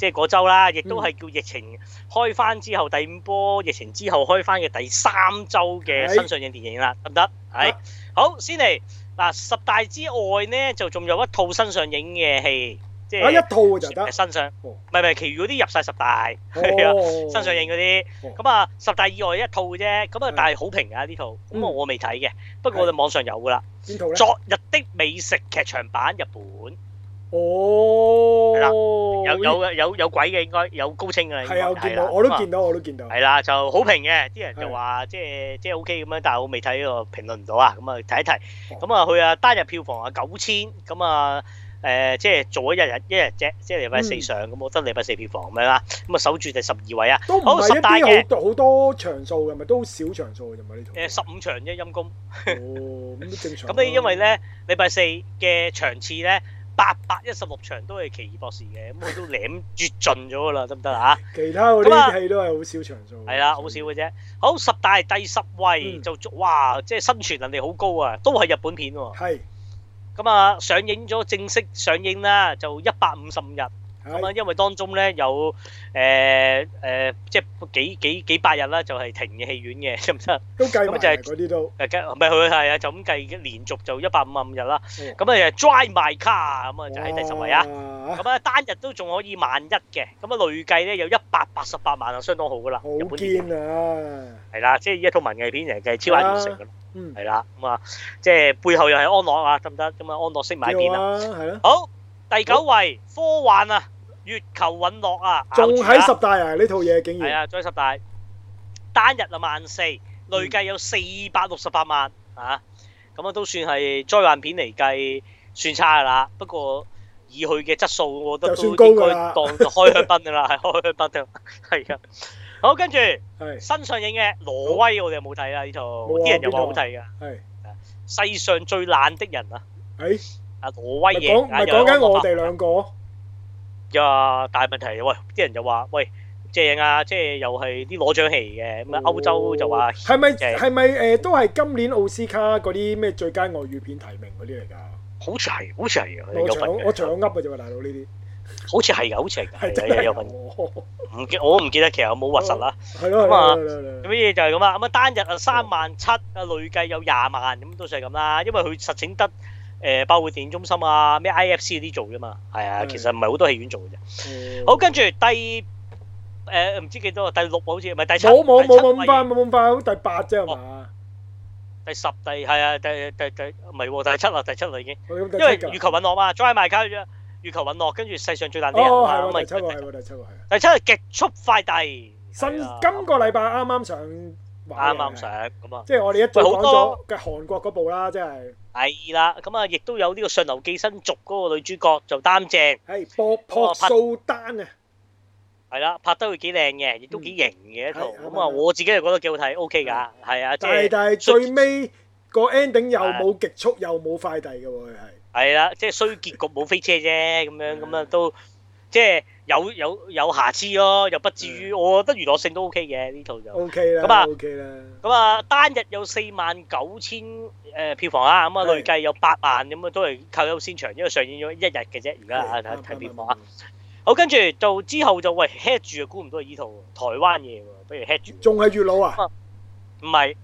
即係嗰週啦，亦都係叫疫情開翻之後第五波疫情之後開翻嘅第三周嘅新上映電影啦，得唔得？係、欸、好，先嚟嗱，十大之外呢，就仲有一套新上映嘅戲，即係一套就係新上，唔係唔係，其餘嗰啲入晒十大哦哦哦新上映嗰啲，咁、嗯、啊十大以外一套啫，咁啊但係好評啊呢套，咁啊我未睇嘅，嗯、不過我哋網上有噶啦，邊套咧？昨、嗯、日的美食劇場版日本。日本哦，係啦，有有嘅有有鬼嘅，應該有高清嘅，係有見到我都見到我都見到係啦，就好評嘅啲人就話即係即係 O K，咁樣，但係我未睇呢個評論唔到啊，咁啊睇一睇咁啊佢啊單日票房啊九千咁啊誒即係做咗一日一日啫，即係禮拜四上咁，我得禮拜四票房咁樣啦，咁啊守住就十二位啊，都唔係一啲好好多場數嘅咪都少場數嘅，就咪呢種誒十五場啫陰公哦咁都正常咁你，因為咧禮拜四嘅場次咧。八百一十六場都係奇異博士嘅，咁我 都舐絕盡咗啦，得唔得啊？其他嗰啲戲都係好少場數，係啦、嗯，少好少嘅啫。好十大第十位、嗯、就哇，即係生存能力好高啊，都係日本片喎、啊。係咁啊，上映咗正式上映啦，就一百五十五日。咁啊，因為當中咧有誒誒，即係幾幾幾百日啦，就係停嘅戲院嘅，得唔得？都啲都。誒計咪佢係啊，就咁計，連續就一百五十五日啦。咁啊 Drive My Car，咁啊就喺第十位啊。咁啊，單日都仲可以萬一嘅。咁啊，累計咧有一百八十八萬啊，相當好噶啦。好堅啊！日本票房。係啦，即係一套文藝片其實就係，超難完成嘅咯。係啦，咁啊，即係背後又係安樂啊，得唔得？咁啊，安樂識買片啊。好咯。好。第九位科幻啊，月球隕落啊，仲喺十大啊！呢套嘢竟然係啊，仲喺十大單日啊萬四，累計有四百六十八萬啊！咁啊，都算係災難片嚟計算差噶啦。不過以佢嘅質素，我覺得都應該當開香檳噶啦，開香檳啊，係啊。好，跟住新上映嘅挪威，我哋冇睇啊？呢套，啲人又話好睇噶，係。世上最懶的人啊，係。啊！我威嘢，唔係講緊我哋兩個。呀！大問題，喂，啲人就話，喂，正啊，即係又係啲攞獎戲嘅，咁啊，歐洲就話係咪？係咪？誒，都係今年奧斯卡嗰啲咩最佳外語片提名嗰啲嚟㗎？好似係，好似係，有我我掌握嘅啫大佬呢啲。好似係㗎，好似係㗎。有份。唔，我唔記得其實有冇核實啦。係咯。咁啊，咩嘢就係咁啊？咁啊，單日啊三萬七啊，累計有廿萬咁，都算係咁啦。因為佢實整得。誒包括電影中心啊，咩 IFC 啲做啫嘛，係啊，其實唔係好多戲院做嘅啫。好，跟住第誒唔知幾多啊，第六部好似唔係第七，冇冇冇冇咁快冇咁快，好第八啫係嘛？第十第係啊，第第第唔係第七啦，第七啦已經，因為月球隕落嘛再 r y My 月球隕落，跟住世上最大啲人，係第七個係第七個係第七係極速快遞，新今個禮拜啱啱上，啱啱上咁啊，即係我哋一早好多嘅韓國嗰部啦，即係。係啦，咁啊，亦都有呢個上流寄生族嗰個女主角就擔正，係朴素丹啊，係啦，拍得佢幾靚嘅，亦都幾型嘅一套。咁啊，我自己又覺得幾好睇，OK 噶，係啊，即係。但係最尾個 ending 又冇極速，又冇快遞嘅喎，係。係啦，即係衰結局冇飛車啫，咁樣咁啊都。即係有有有瑕疵咯，又不至於。我覺得娛樂性都 OK 嘅，呢套就 OK 啦。咁啊，咁啊，單日有四萬九千誒票房啊，咁啊累計有八萬，咁啊，都係靠優先場，因為上映咗一日嘅啫。而家睇票房啊，好，跟住就之後就喂 hit 住啊，估唔到係呢套台灣嘢喎，不如 hit 住仲係月老啊？唔係。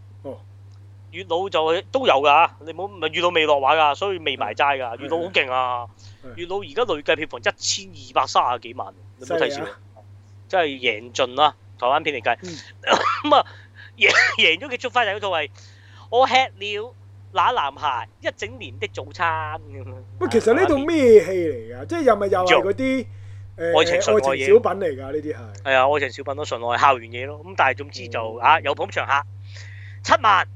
月老就都有㗎，你冇咪月老未落畫㗎，所以未埋齋㗎。月、嗯、老好勁啊！月、嗯、老而家累計票房一千二百三十幾萬，你冇睇住啊？即係贏盡啦，台灣片嚟計咁啊，贏贏咗幾出快就叫做係我吃了那男孩一整年的早餐咁啊！喂，其實呢套咩戲嚟㗎？即係又咪又做嗰啲誒愛情純愛嘢？愛情小品嚟㗎？呢啲係係啊，愛情小品都純愛，校園嘢咯。咁但係總之就嚇、嗯啊、有捧場客七萬。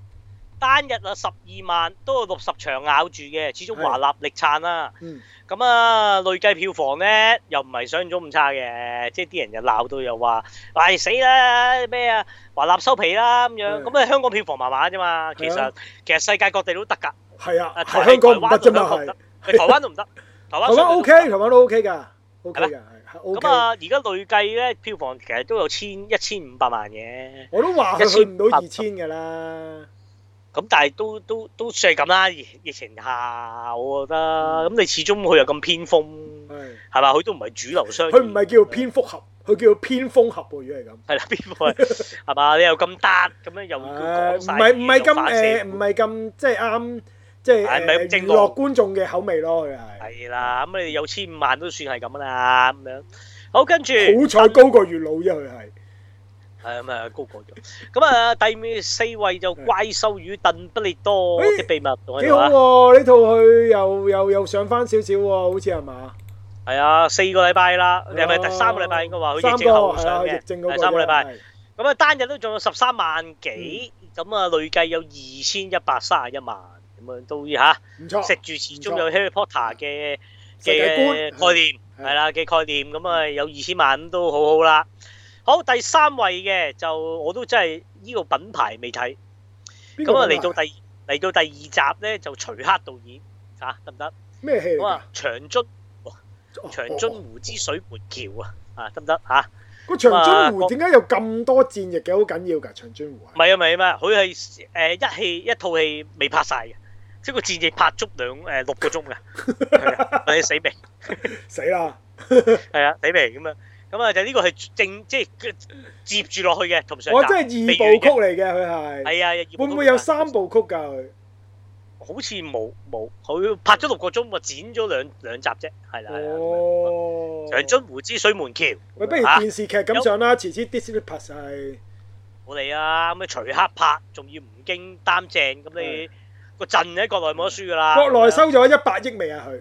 單日啊，十二萬都有六十場咬住嘅，始終華納力撐啦。咁啊，累計票房咧又唔係想像中咁差嘅，即係啲人又鬧到又話，唉死啦咩啊！華納收皮啦咁樣。咁啊，香港票房麻麻啫嘛。其實其實世界各地都得噶。係啊，係香港唔得啫嘛，係。台灣都唔得。台灣 OK，台灣都 OK 㗎。OK 㗎，咁啊，而家累計咧票房其實都有千一千五百萬嘅。我都話佢去唔到二千㗎啦。咁但係都都都算係咁啦，疫情下，我覺得咁、嗯、你始終佢又咁偏鋒，係咪？佢都唔係主流商，佢唔係叫蝙蝠俠，佢叫偏鋒俠喎，如果係咁。係啦，偏鋒係嘛？你又咁單，咁樣又唔係唔係咁誒？唔係咁即係啱，即係正落觀眾嘅口味咯，佢係。係啦，咁你哋有千五萬都算係咁啦，咁樣好跟住好彩高過月老啫，佢係。係咁啊，高過咗。咁啊，第四位就怪獸與鄧不利多嘅秘密，幾好喎！呢套佢又又又上翻少少喎，好似係嘛？係啊，四個禮拜啦，你係咪第三個禮拜應該話佢疫症後上嘅？第三個禮拜，咁啊，單日都仲有十三萬幾，咁啊，累計有二千一百三十一萬，咁樣都吓，唔錯，食住始終有 Harry Potter 嘅嘅概念，係啦嘅概念，咁啊，有二千萬都好好啦。好，第三位嘅就我都真係呢個品牌未睇。咁啊，嚟到第嚟到第二集咧，就徐克導演吓得唔得？咩戲啊？長津哇，長津湖之水門橋啊，啊得唔得嚇？個長津湖點解有咁多戰役嘅？好緊要㗎，長津湖啊？唔係啊？唔係啊嘛，佢係誒一戲一套戲未拍晒嘅，即個戰役拍足兩誒六個鐘㗎，我哋死命死啦，係啊死命咁樣！咁啊，就呢個係正，即係接住落去嘅同上集。我、哦、真係二部曲嚟嘅，佢係。係啊是，會唔會有三部曲㗎？佢好似冇冇，佢拍咗六個鐘，咪剪咗兩兩集啫，係啦係啦。長津湖之水門橋，喂，不如電視劇咁上啦，遲啲啲先啲拍曬。我哋啊，咁啊隨刻拍，仲要唔經擔正，咁、嗯、你個陣喺國內冇得輸㗎啦。嗯、國內收咗一百億未啊？佢？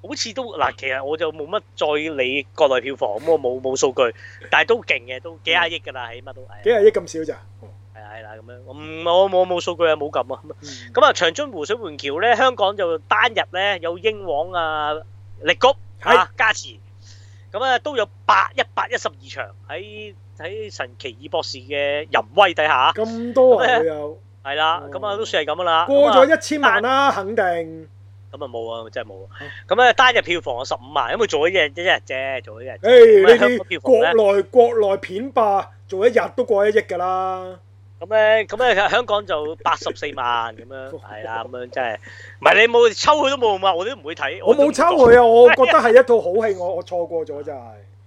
好似都嗱，其實我就冇乜再理國內票房，咁我冇冇數據，但係都勁嘅，都幾廿億㗎啦，起碼都幾廿億咁少咋？係啊係啊，咁樣唔我冇冇數據啊，冇咁啊。咁啊，長津湖水門橋咧，香港就單日咧有英皇啊力谷係加持，咁啊都有八百一百一十二場喺喺神奇二博士嘅淫威底下，咁多啊？佢啊，係啦，咁啊都算係咁啦，過咗一千萬啦，肯定。咁啊冇啊，真係冇。啊。咁咧單日票房十五萬，因為做一日一日啫，哎，做一日。票房，你啲國內國內片霸做一日都過一億噶啦。咁咧，咁咧香港就八十四萬咁樣，係啦， 咁樣真係。唔係你冇抽佢都冇嘛，我都唔會睇。我冇抽佢啊，我覺得係一套好戲，哎、呀我我錯過咗真係。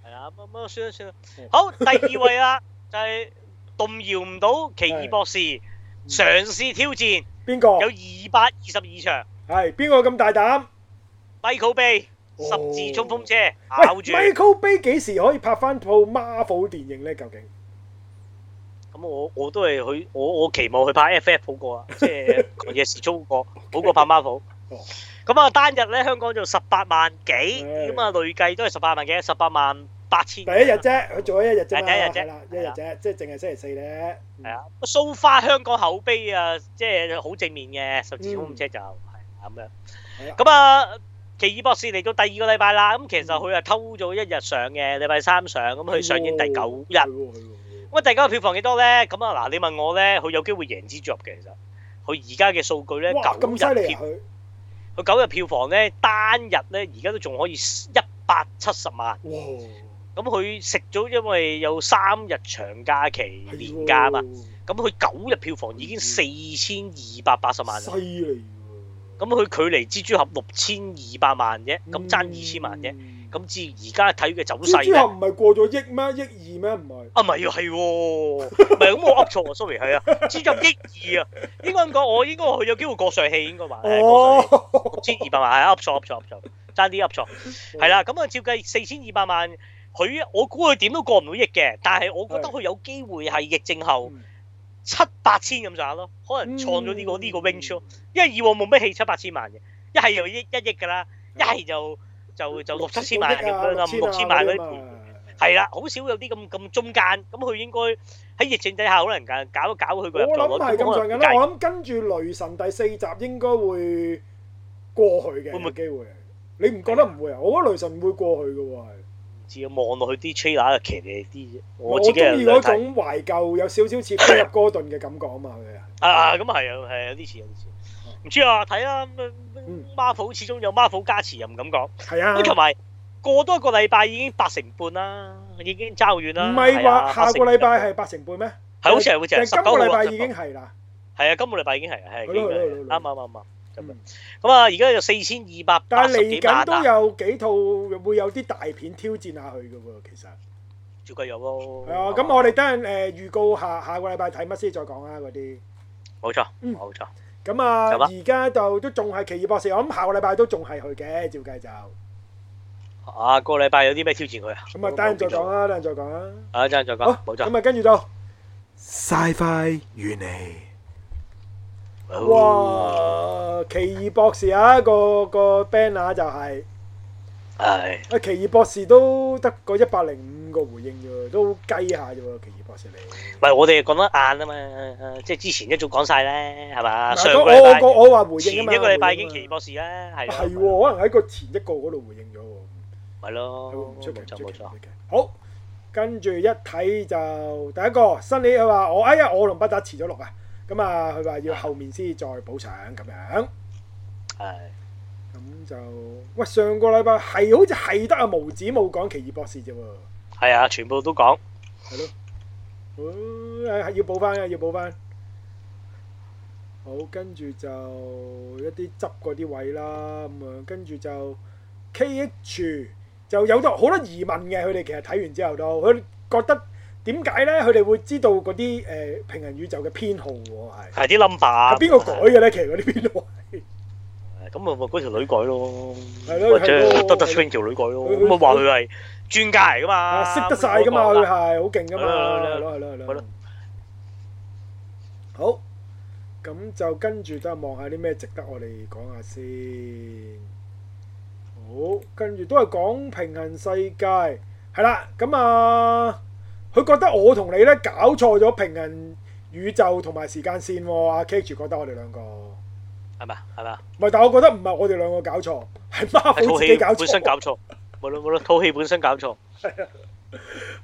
係啊，咁咁算啦算啦。好，第二位啊，就係、是、動搖唔到奇異博士嘗試、嗯、挑戰邊個誰有二百二十二場。係邊個咁大膽？Michael Bay 十字衝鋒車，喂，Michael Bay 幾時可以拍翻套 Marvel 電影咧？究竟咁我我都係佢，我我期望佢拍 FF 好過啊，即係嘢事粗過好過拍 Marvel。咁啊，單日咧香港做十八萬幾，咁啊累計都係十八萬幾，十八萬八千。第一日啫，佢做咗一日啫嘛？第一日啫，一日啫，即係淨係星期四咧。係啊，so far 香港口碑啊，即係好正面嘅十字衝鋒車就。咁樣，咁啊，奇異博士嚟到第二個禮拜啦。咁其實佢啊偷咗一日上嘅，禮拜三上，咁佢上映第九日。咁，第九日票房幾多咧？咁啊，嗱，你問我咧，佢有機會贏《Job》嘅。其實佢而家嘅數據咧，九日票，佢九日票房咧，單日咧，而家都仲可以一百七十萬。哇！咁佢食咗，因為有三日長假期連假啊嘛。咁佢九日票房已經四千二百八十萬。犀利！咁佢距離蜘蛛俠六千二百萬啫，咁爭二千萬啫，咁至而家睇嘅走勢咧，蜘蛛俠唔係過咗億咩？億二咩？唔係？啊，唔係啊，係喎、哦，唔係咁我噏錯啊 sorry 係啊，接近億二啊，應該咁講，我應該佢有機會過上戲應該話，哦，六千二百萬係噏錯噏錯噏錯，爭啲噏錯，係啦，咁 啊，照計四千二百萬，佢我估佢點都過唔到億嘅，但係我覺得佢有機會係疫症後。的 七八千咁上下咯，可能創咗呢、這個呢個 w i n g e 咯，嗯、因為以往冇咩戲七八千萬嘅，一係就一一億㗎啦，一係就就就六七千萬咁樣啦，五六千萬嗰啲，係啦、啊，好、啊、少有啲咁咁中間，咁佢應該喺疫情底下可能搞搞佢個入座，咁上緊啦，我諗跟住雷神第四集應該會過去嘅，會唔不會機會？你唔覺得唔會啊？的我覺得雷神唔會過去嘅喎。似望落去啲 trailer 啊，騎野啲啫。我中意嗰種懷舊，有少少似步入哥頓嘅感覺啊嘛，佢、嗯、啊。啊，啊，咁啊係啊，有啲似有啲似。唔知啊，睇啦、啊。Marvel 始終有 Marvel 加持，又唔感覺。係啊、嗯。咁同埋過多一個禮拜已經八成半啦。已經揸好遠啦。唔係話下個禮拜係八成半咩？係好似係會成。但係今個禮拜已經係啦。係啊，今個禮拜已經係啊，係啊，啱啱啱。咁啊，而家就四千二百八十幾萬啦。但係嚟緊都有幾套會有啲大片挑戰下佢嘅喎，其實。照計有喎。係啊，咁我哋等陣誒預告下下個禮拜睇乜先，再講啦嗰啲。冇錯，冇錯。咁啊，而家就都仲係《奇異博士》，我諗下個禮拜都仲係去嘅，照計就。啊，下個禮拜有啲咩挑戰佢啊？咁啊，等陣再講啦，等陣再講啦。係啊，等陣再講，冇錯。咁啊，跟住就。Sci-Fi 與你。哇！奇異博士啊，個個 banner 就係係啊！奇異博士都得個一百零五個回應啫，都計下啫喎。奇異博士你唔係我哋講得晏啊嘛！即係之前一早講晒咧，係嘛？上我我話回應嘅嘛，一個禮拜已經奇異博士啦，係係喎，可能喺個前一個嗰度回應咗喎，咪咯，冇錯冇錯。好，跟住一睇就第一個新李佢話我，哎呀我同不打遲咗落啊！咁啊，佢話、嗯、要後面先再補償咁樣，係、哎，咁就喂上個禮拜係好似係得阿毛子冇講奇異博士啫喎，係啊，全部都講，係咯，哦係要補翻啊，要補翻，好，跟住就一啲執嗰啲位啦，咁樣，跟住就 KH 就有咗好多疑問嘅，佢哋其實睇完之後都佢覺得。點解咧？佢哋會知道嗰啲誒平行宇宙嘅編號喎？係係啲 number，係邊個改嘅咧？其實嗰啲編號係咁啊，嗰條女改咯，係咯，或者 Doctor Strange 條女改咯。咁啊，話佢係專家嚟噶嘛，識得晒噶嘛，佢係好勁噶嘛，係咯，係咯，係咯，好。咁就跟住都係望下啲咩值得我哋講下先。好，跟住都係講平行世界係啦。咁啊。佢覺得我同你咧搞錯咗平衡宇宙同埋時間線喎，啊，阿 K 住覺得我哋兩個係嘛係嘛？唔係，但係我覺得唔係我哋兩個搞錯，係包好自己搞錯，本身搞錯，冇啦冇啦，套戲本身搞錯，係啊，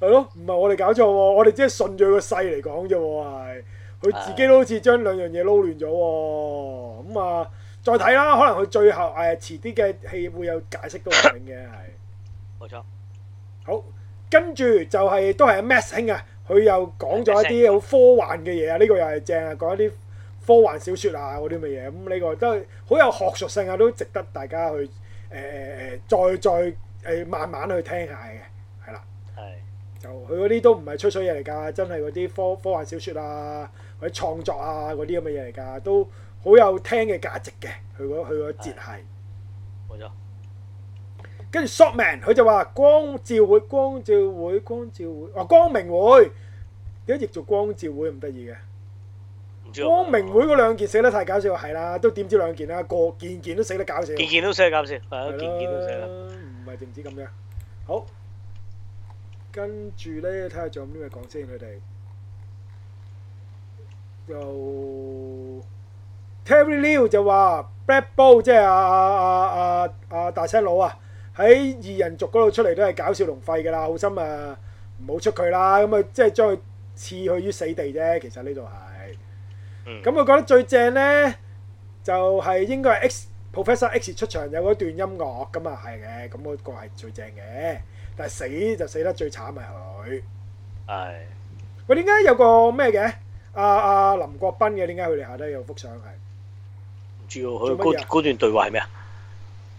係咯，唔係我哋搞錯喎，我哋只係順住個勢嚟講啫喎，係佢自己都好似將兩樣嘢撈亂咗喎，咁的啊，再睇啦，可能佢最後誒、呃、遲啲嘅戲會有解釋都係嘅，係冇 的錯，好。跟住就係都係阿 Mass 兄啊，佢又講咗一啲好科幻嘅嘢啊，呢、這個又係正啊，講一啲科幻小説啊嗰啲咁嘅嘢，咁呢、這個都係好有學術性啊，都值得大家去誒誒誒，再再誒、呃、慢慢去聽下嘅，係啦。係是的，就佢嗰啲都唔係吹水嘢嚟㗎，真係嗰啲科科幻小説啊，或者創作啊嗰啲咁嘅嘢嚟㗎，都好有聽嘅價值嘅。佢佢個節係。跟住 shortman，佢就話光照會、光照會、光照會哦、啊，光明會點解譯做光照會咁得意嘅？光明會嗰兩件死得太搞笑，係啦，都點知兩件啦、啊，個件件都死得搞笑，件件都死得搞笑，係啦，件件都死得搞笑啦，唔係淨止咁樣。好，跟住咧睇下仲有咩講先，佢哋就 Terry Liu 就話 Black Bull 即係阿阿阿阿阿大聲佬啊。喺二人族嗰度出嚟都係搞笑浪費噶啦，好心啊，唔好出佢啦，咁啊即係將佢賜去於死地啫。其實呢度係，咁我覺得最正咧，就係應該係 X Professor X 出場有嗰段音樂咁啊，係嘅，咁嗰個係最正嘅。但係死就死得最慘係佢，係。喂，點解有個咩嘅？阿阿林國斌嘅點解佢哋下低有幅相係？主要佢嗰嗰段對話係咩啊？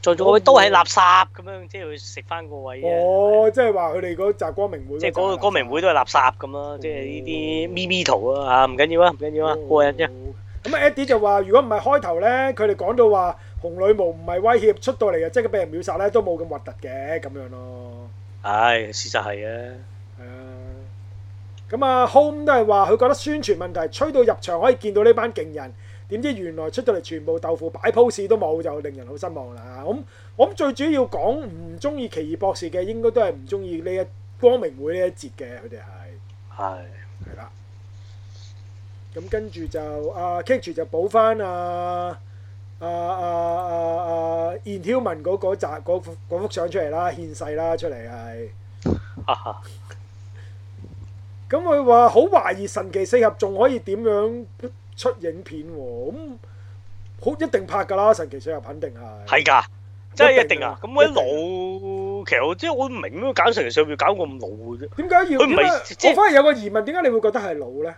在座位都係垃，垃圾咁樣，即係佢食翻個位哦，吧即係話佢哋嗰集《光明會》，即係嗰個《光明會》都係垃圾咁咯，哦、即係呢啲咪咪圖啊嚇，唔緊要啊，唔緊要啊，過癮啫！咁啊，Eddie 就話：如果唔係開頭咧，佢哋講到話紅女巫唔係威脅出到嚟啊，即係佢俾人秒殺咧，都冇咁核突嘅咁樣咯。唉、哎，事實係啊。係啊。咁啊，Home 都係話佢覺得宣傳問題，吹到入場可以見到呢班勁人。點知原來出到嚟，全部豆腐擺 pose 都冇，就令人好失望啦！咁我諗最主要講唔中意奇異博士嘅，應該都係唔中意呢一光明會呢一節嘅，佢哋係係係啦。咁、哎、跟住就啊，Ketch 就補翻啊啊啊啊 Ian Hume 嗰嗰集嗰幅相出嚟啦，獻世啦出嚟係啊！咁佢話好懷疑神奇四俠仲可以點樣？出影片喎、啊，咁、嗯、好一定拍㗎啦！神奇四俠肯定係係㗎，真係的一定啊！咁威、啊啊、老，其實我即係我唔明點解神奇四俠要搞咁老嘅啫。點解要唔係？我反而有個疑問，點解你會覺得係老咧？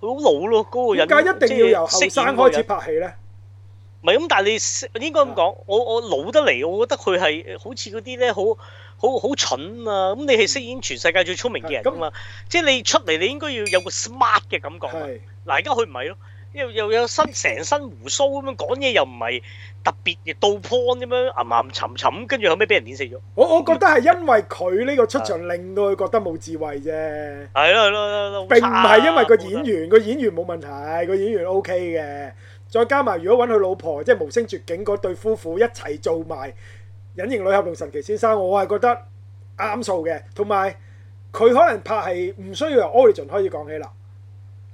佢好老咯，嗰、那個人。點解一定要由後生開始拍戲咧？唔係咁，但係你應該咁講，我我老得嚟，我覺得佢係好似嗰啲咧，好好好蠢啊！咁、嗯、你係飾演全世界最聰明嘅人嘛？嗯、即係你出嚟，你應該要有個 smart 嘅感覺。嗱、嗯，而家佢唔係咯，又又有身成身胡鬚咁樣講嘢，又唔係特別嘅道 Pane 咁樣暗暗沉沉，跟住後尾俾人碾死咗。我我覺得係因為佢呢個出場令、嗯、令到佢覺得冇智慧啫。係咯係咯，並唔係因為個演員，個差演員冇問題，個演員 OK 嘅。再加埋，如果揾佢老婆，即係無聲絕境嗰對夫婦一齊做埋隱形女俠同神奇先生，我係覺得啱數嘅。同埋佢可能拍戲唔需要由 Origin 開始講起啦。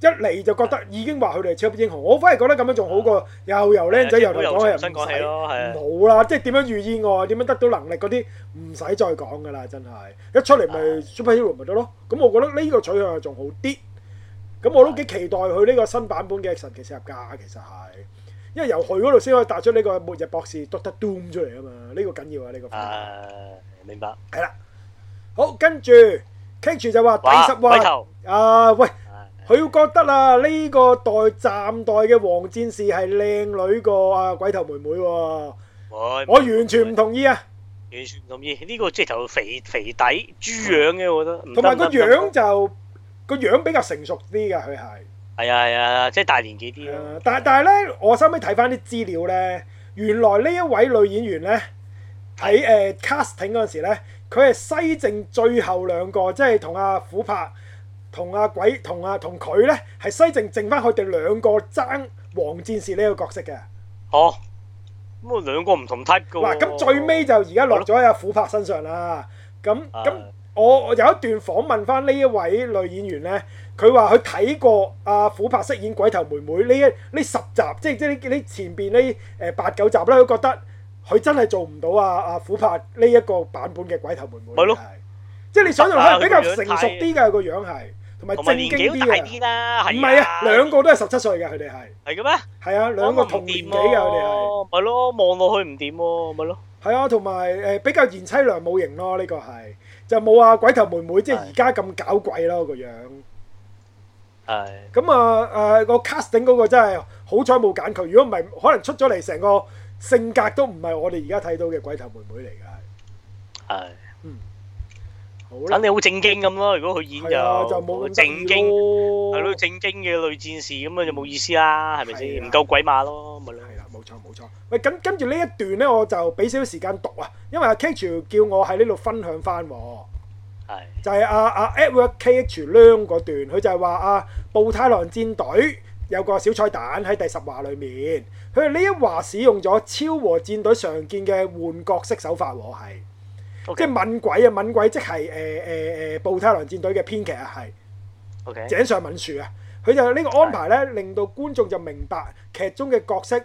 一嚟就覺得已經話佢哋係超級英雄，我反而覺得咁樣仲好過又由靚仔又講起，唔好啦。即係點樣遇意外，點樣得到能力嗰啲，唔使再講噶啦，真係一出嚟咪 Superhero 咪得咯。咁我覺得呢個取向仲好啲。咁我都幾期待佢呢個新版本嘅神奇四俠家其實係，因為由佢嗰度先可以達出呢個末日博士 Doctor Doom 出嚟啊嘛，呢、呢個緊要啊呢、呢個啊。明白。係啦，好，跟住 Kitch 就話第十話，啊喂，佢、啊、覺得啊呢、呢個代站代嘅黃戰士係靚女個啊鬼頭妹妹喎、啊，喂我完全唔同意啊，完全唔同意，呢個直頭肥肥底豬樣嘅，我覺得。同埋個樣就。個樣比較成熟啲嘅佢係，係啊係啊，即係大年紀啲咯、嗯。但係但係咧，我收尾睇翻啲資料咧，原來呢一位女演員咧喺誒、呃、casting 嗰陣時咧，佢係西正最後兩個，即係同阿琥珀、同阿、啊、鬼、同阿同佢咧，係西正剩翻佢哋兩個爭黃戰士呢個角色嘅。哦，咁啊兩個唔同 type 㗎喎。嗱咁、啊、最尾就而家落咗喺阿琥珀身上啦。咁咁的。我有一段訪問翻呢一位女演員咧，佢話佢睇過阿虎珀飾演鬼頭妹妹呢呢十集，即係即係呢呢前邊呢誒八九集咧，佢覺得佢真係做唔到阿阿虎珀呢一個版本嘅鬼頭妹妹。係咯，啊，即係你想像可能比較成熟啲嘅個樣係，同埋正經啲嘅。唔係啊，兩個都係十七歲嘅佢哋係。係咩？係啊，兩個同年紀嘅佢哋係。咪咯，望落去唔掂喎，咪咯。係啊，同埋誒比較賢妻良母型咯，呢、這個係。就冇啊！鬼頭妹妹即係而家咁搞鬼咯個樣。係咁啊！誒個 casting 嗰個真係好彩冇揀佢，如果唔係可能出咗嚟成個性格都唔係我哋而家睇到嘅鬼頭妹妹嚟㗎。係，嗯，好啦，等你好正經咁咯。如果佢演咗就冇正經係咯，正經嘅女戰士咁啊，就冇意思啦，係咪先？唔夠鬼馬咯，咪咯。冇錯冇錯，喂咁跟住呢一段呢，我就俾少少時間讀啊，因為阿 K H 叫我喺呢度分享翻，係的就係阿、啊、阿、啊、Edward K H 兩嗰段，佢就係話啊《暴太郎戰隊》有個小彩蛋喺第十話裏面，佢呢一話使用咗超和戰隊常見嘅換角色手法喎，係 Okay. 即係敏鬼啊，敏鬼即係誒誒誒《暴、呃呃、太郎戰隊》嘅編劇啊，係 Okay. 井上敏樹啊，佢就呢個安排呢，令到觀眾就明白劇中嘅角色。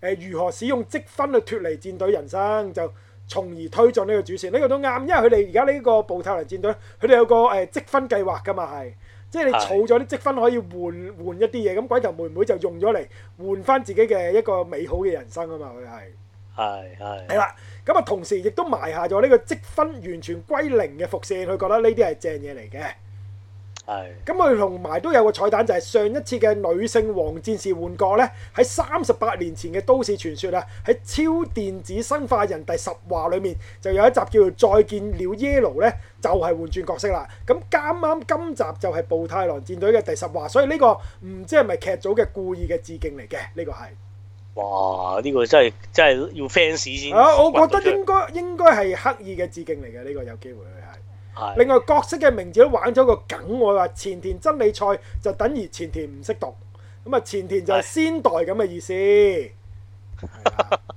誒如何使用積分去脫離戰隊人生，就從而推進呢個主線，呢個都啱，因為佢哋而家呢個暴太郎戰隊，佢哋有個誒、呃、積分計劃㗎嘛，係，即係你儲咗啲積分可以換換一啲嘢，咁鬼頭妹妹就用咗嚟換翻自己嘅一個美好嘅人生啊嘛，佢係，係係，係啦，咁啊同時亦都埋下咗呢個積分完全歸零嘅伏線，佢覺得呢啲係正嘢嚟嘅。咁佢同埋都有個彩蛋，就係、是、上一次嘅女性黃戰士換角，呢喺三十八年前嘅都市傳說啊，喺超電子生化人第十話裏面就有一集叫做《再見了 Yellow》呢，就係、是、換轉角色啦。咁啱啱今集就係暴太郎戰隊嘅第十話，所以呢個唔知係咪劇組嘅故意嘅致敬嚟嘅呢個係。哇！呢、這個真係真係要 fans 先。啊，我覺得應該應該係刻意嘅致敬嚟嘅呢個有機會。另外角色嘅名字都玩咗個梗，我話前田真理菜就等於前田唔識讀，咁啊前田就係先代咁嘅意思。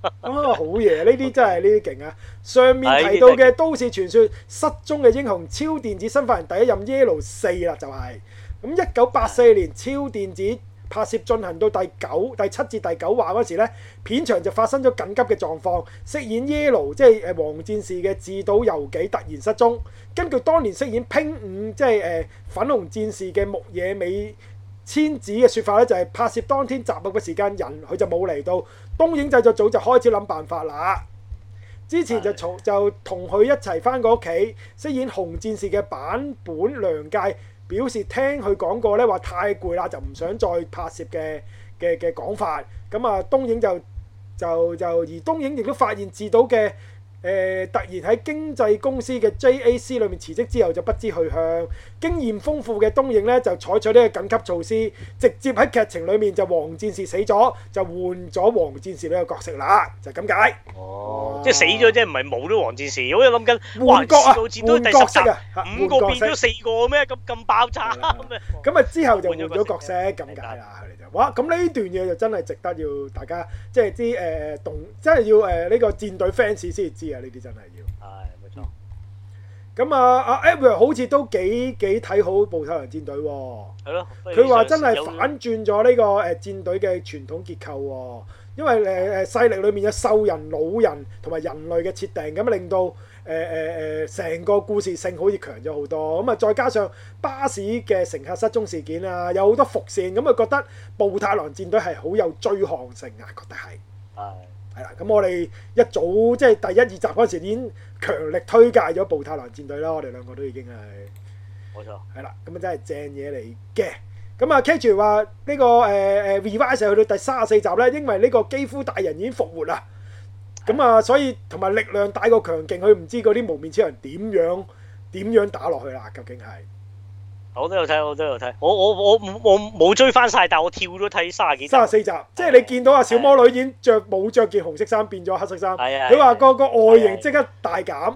啊， 好、哦、嘢！呢啲真係呢啲勁啊！上面提到嘅都市傳說失蹤嘅英雄超電子新發人第一任 Yellow 四啦，就係咁。一九八四年超電子。拍攝進行到第九、第七至第九話嗰時咧，片場就發生咗緊急嘅狀況。飾演 Yellow 即係誒黃戰士嘅自島由紀突然失蹤。根據當年飾演拼五即係誒粉紅戰士嘅木野美千子嘅說法咧，就係、是、拍攝當天集錄嘅時間人佢就冇嚟到。東映製作組就開始諗辦法啦。之前就從就同佢一齊返過屋企，飾演紅戰士嘅版本梁介。表示聽佢講過咧，話太攰啦，就唔想再拍攝嘅嘅嘅講法。咁啊，東影就就就而東影亦都發現自到嘅誒、呃，突然喺經紀公司嘅 JAC 裏面辭職之後，就不知去向。經驗豐富嘅東影呢就採取呢個緊急措施，直接喺劇情裏面就黃戰士死咗，就換咗黃戰士呢個角色啦，就咁解。哦，即係死咗即啫，唔係冇咗黃戰士。好似諗緊，換角啊，換角啊，五個變咗四個咩？咁咁爆炸。咁啊，之後就換咗角色，咁解啦。哇，咁呢段嘢就真係值得要大家即係知，誒動，真係要誒呢個戰隊 fans 先知啊！呢啲真係要。係。咁、嗯、啊，阿 Edward 好似都幾幾睇好暴太郎戰隊喎。係咯，佢話真係反轉咗呢、呢個誒、呃、戰隊嘅傳統結構，啊，因為誒誒、呃、勢力裏面有獸人、老人同埋人類嘅設定，咁令到誒誒誒成個故事性好似強咗好多。咁、嗯、啊，再加上巴士嘅乘客失蹤事件啊，有好多伏線，咁、嗯、啊覺得暴太郎戰隊係好有追看性啊，覺得係。係。 係啦，咁我哋一早即係第一二集嗰時已經強力推介咗《暴太郎戰隊》啦，我哋兩個都已經係冇錯。係啦，咁啊真係正嘢嚟嘅。咁啊 Catch 住話呢個誒誒 revise 去到第三十四集咧，因為呢個基夫大人已經復活啦。咁啊，所以同埋力量大過強勁，佢唔知嗰啲無面超人點樣點樣打落去啦？究竟係？我都有睇，我都有睇。我我我我冇追翻晒，但我跳咗睇三十幾、三十四集。即係你見到阿小魔女已經着冇着件紅色衫，變咗黑色衫。係啊，你話個個外形即刻大減，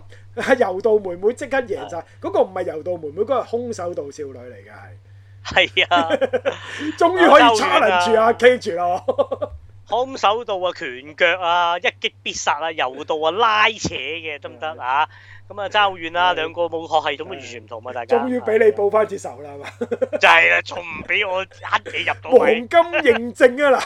柔道妹妹即刻贏晒。嗰個唔係柔道妹妹，嗰個係空手道少女嚟嘅係。係啊，終於可以撐住阿 K 住咯。空手道啊，拳腳啊，一擊必殺啊，柔道啊，拉扯嘅得唔得啊？咁啊，爭好遠啦，兩個武學系統都完全唔同嘛，大家。終於俾你報翻接仇啦，係嘛？就係啦，從唔俾我一嘢入到位。黃金認證啊啦！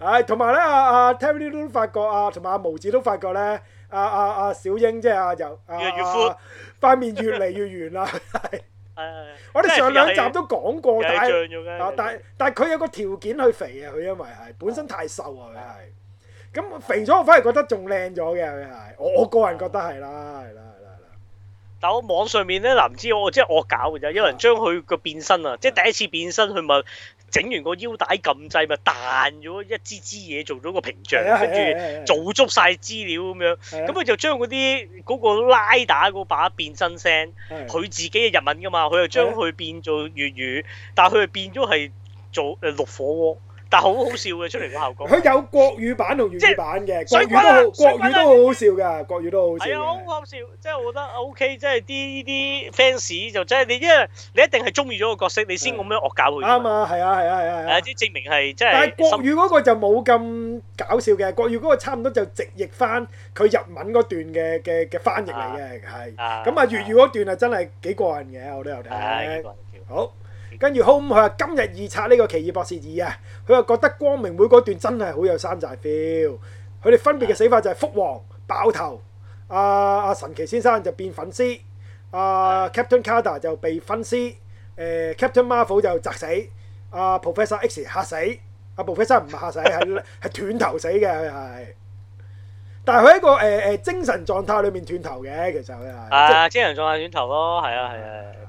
唉，同埋咧，阿阿 Terry 都發覺，同埋阿毛子都發覺咧，阿阿阿小英即係阿又越越寬，塊面越嚟越圓啦。係係我哋上兩集都講過，但係但係佢有個條件去肥啊，佢因為係本身太瘦啊，佢係。咁肥咗，我反而覺得仲靚咗嘅，係我我個人覺得係啦，係啦，係啦，係啦。但係我網上面咧，嗱唔知我即係惡搞嘅啫，的有人將佢個變身啊，的即係第一次變身，佢咪整完個腰帶撳掣咪彈咗一支支嘢做咗個屏障，跟住儲足晒資料咁的樣，咁佢的就將嗰啲嗰個拉打嗰把變身聲，佢的自己嘅日文噶嘛，佢就將佢變做粵語，的的但係佢係變咗係做誒綠火鍋。但好好笑嘅出嚟嘅效果。佢有國語版同粵語版嘅，國語都好，國語都好好笑嘅，國語都好好笑。係好好笑，即係我覺得 O K，即係啲呢啲 fans 就即係你，因為你一定係中意咗個角色，你先咁樣惡搞佢。啱啊，係啊，係啊，係啊。啊，即係證明係真係。但係國語嗰個就冇咁搞笑嘅，國語嗰個差唔多就直譯翻佢日文嗰段嘅嘅嘅翻譯嚟嘅，係。咁啊，粵語嗰段啊，真係幾過癮嘅，我都有睇。好。跟住 home 佢話今日二刷呢個奇異博士二啊，佢又覺得光明會嗰段真係好有山寨 feel。佢哋分別嘅死法就係福王爆頭，阿、啊、阿神奇先生就變粉絲，阿、啊、是的 Captain Carter 就被分屍，誒、啊、Captain Marvel 就砸死，阿、啊、Professor X 嚇死，阿、啊、Professor 唔係嚇死係係 斷頭死嘅佢係，但係佢喺一個誒誒、呃、精神狀態裏面斷頭嘅其實佢、就、係、是啊，精神狀態斷頭咯，係啊係啊。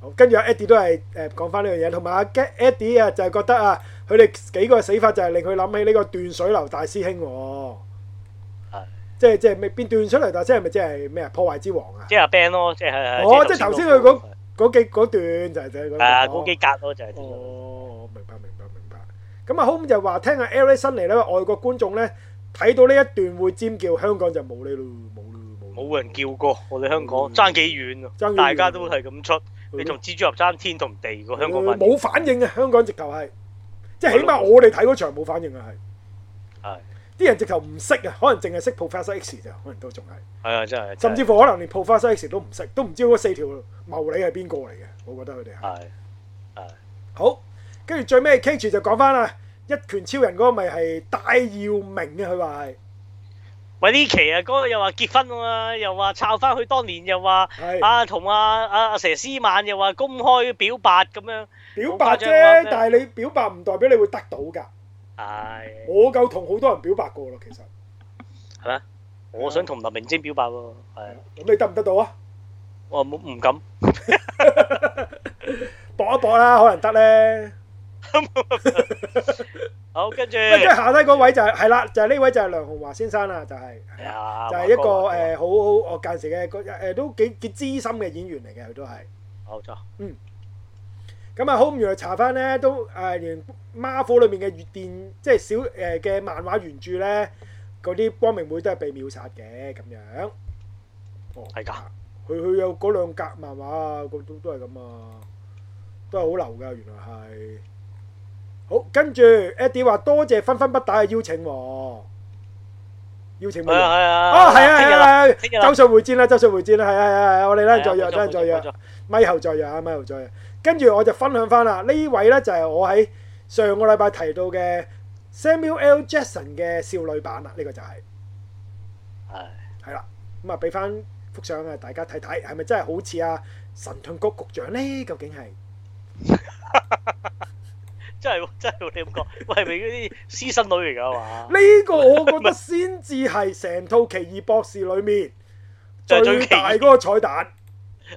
好，跟住阿 Eddie 都係誒講翻呢樣嘢，同埋阿 Eddie 啊，就係覺得啊，佢哋幾個死法就係令佢諗起呢個斷水流大師兄喎，係，即係即係咩變斷水流大師係咪即係咩破壞之王啊？即係 Ben 咯，即係哦，即係頭先佢講嗰幾嗰段就係就係嗰，係嗰幾格咯，就係哦，明白明白明白。咁啊，Home 就話聽阿 Eric 新嚟咧，外國觀眾咧睇到呢一段會尖叫，香港就冇你咯，冇冇冇人叫過，我哋香港爭幾遠啊，大家都係咁出。你同蜘蛛俠爭天同地個，香港冇反應啊、嗯。香港直頭係即係起碼我哋睇嗰場冇反應啊，係啲的人直頭唔識啊，可能淨係識 Professor X 咋，可能都仲係係啊，真係甚至乎可能連 Professor X 都唔識，都唔知嗰四條茂利係邊個嚟嘅。我覺得佢哋係係好，跟住最尾 Catch 就講翻啦，一拳超人嗰個咪係戴耀明嘅、啊。佢話係。喂，呢期啊，嗰日又話結婚嘛、啊，又話摷翻去當年又話是的、啊啊，啊同啊啊阿佘詩曼又話公開表白咁樣，表白啫，但係你表白唔代表你會得到㗎。係、哎，我夠同好多人表白過啦，其實係咪？嗎的我想同林明晶表白喎，係。咁你得唔得到啊？行行行，我冇唔敢，搏 一搏啦，可能得咧。好，跟住，跟住下低嗰位就係係啦，就係、是、呢位就係梁洪華先生啦，就係、是，就係一個誒好好我介紹嘅誒都幾幾資深嘅演員嚟嘅，佢都係，冇錯，嗯，咁啊好唔如嚟查翻咧，都誒連《媽火》裏面嘅粵電即係小誒嘅漫畫原著咧，嗰啲光明會都係被秒殺嘅咁樣，哦係噶，佢佢有嗰兩格漫畫啊，都都係咁啊，都係好流噶，原來係。好，跟住 Eddie 話多謝分分不打嘅邀請，邀請我。啊係啊，哦係啊係啊，今日周旋會戰啦，周旋會戰啦，係啊係啊係啊，我哋咧再約，等陣再約，咪後再約啊，咪後再約。跟住我就分享翻啦，呢位咧就係我喺上個禮拜提到嘅 Samuel L. Jackson 嘅少女版啦，呢個就係。係。係啦，咁啊俾翻幅相啊，大家睇睇係咪真係好似啊神盾局局長咧？究竟係？真係，真係你咁講，喂，係咪嗰啲私生女嚟噶嘛？呢 個我覺得先至係成套奇異博士裏面最大嗰個彩蛋。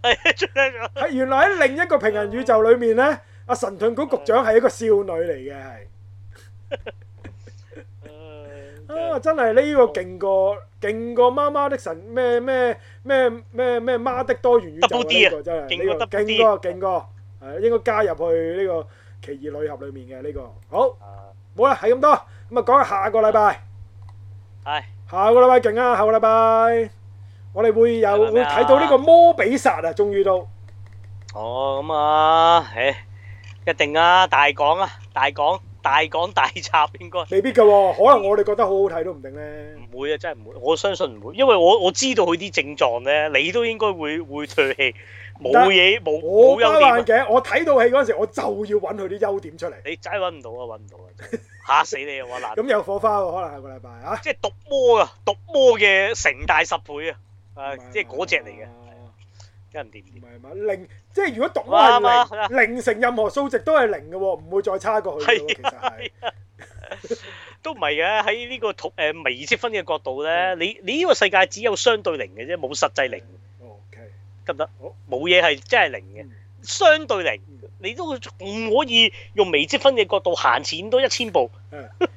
係， 原來喺另一個平行宇宙裏面呢，阿、 啊、神盾局局長係一個少女嚟嘅。 啊，真係呢個勁過勁過，媽媽的神咩咩咩咩咩媽的多元宇宙呢、啊這個真係勁過勁過勁過，係應該加入去呢、這個。奇異女俠裏面嘅呢、這個好，冇啦、啊，係咁多，咁啊講下下個禮拜，係、啊、下個禮拜勁啊，下個禮拜我哋會有是是、啊、會睇到呢個摩比薩、哦、啊，終於到，哦，咁啊，誒，一定啊，大講啊，大講。大講大插應該未必㗎，可能我哋覺得好好睇都唔定咧。唔會啊，真係唔會。我相信唔會，因為我我知道佢啲症狀咧，你都應該會會退氣，冇嘢冇。冇優點啊、我多眼鏡，啊、我睇到戲嗰陣時，我就要揾佢啲優點出嚟。你真係揾唔到啊，揾唔到、啊、到啊！嚇死你啊！話難。咁有火花喎、啊，可能下個禮拜啊！即係毒魔啊，毒魔嘅成大十倍啊，誒，即係嗰隻嚟嘅。唔係嘛，零即係如果讀都係零，零乘任何數值都係零嘅，唔會再差過去嘅。其實係都唔係嘅，喺呢個呃，微積分嘅角度咧，你你呢個世界只有相對零嘅啫，冇實際零。OK，得唔得？冇嘢係真係零嘅，相對零，你都唔可以用微積分嘅角度行前多一千步。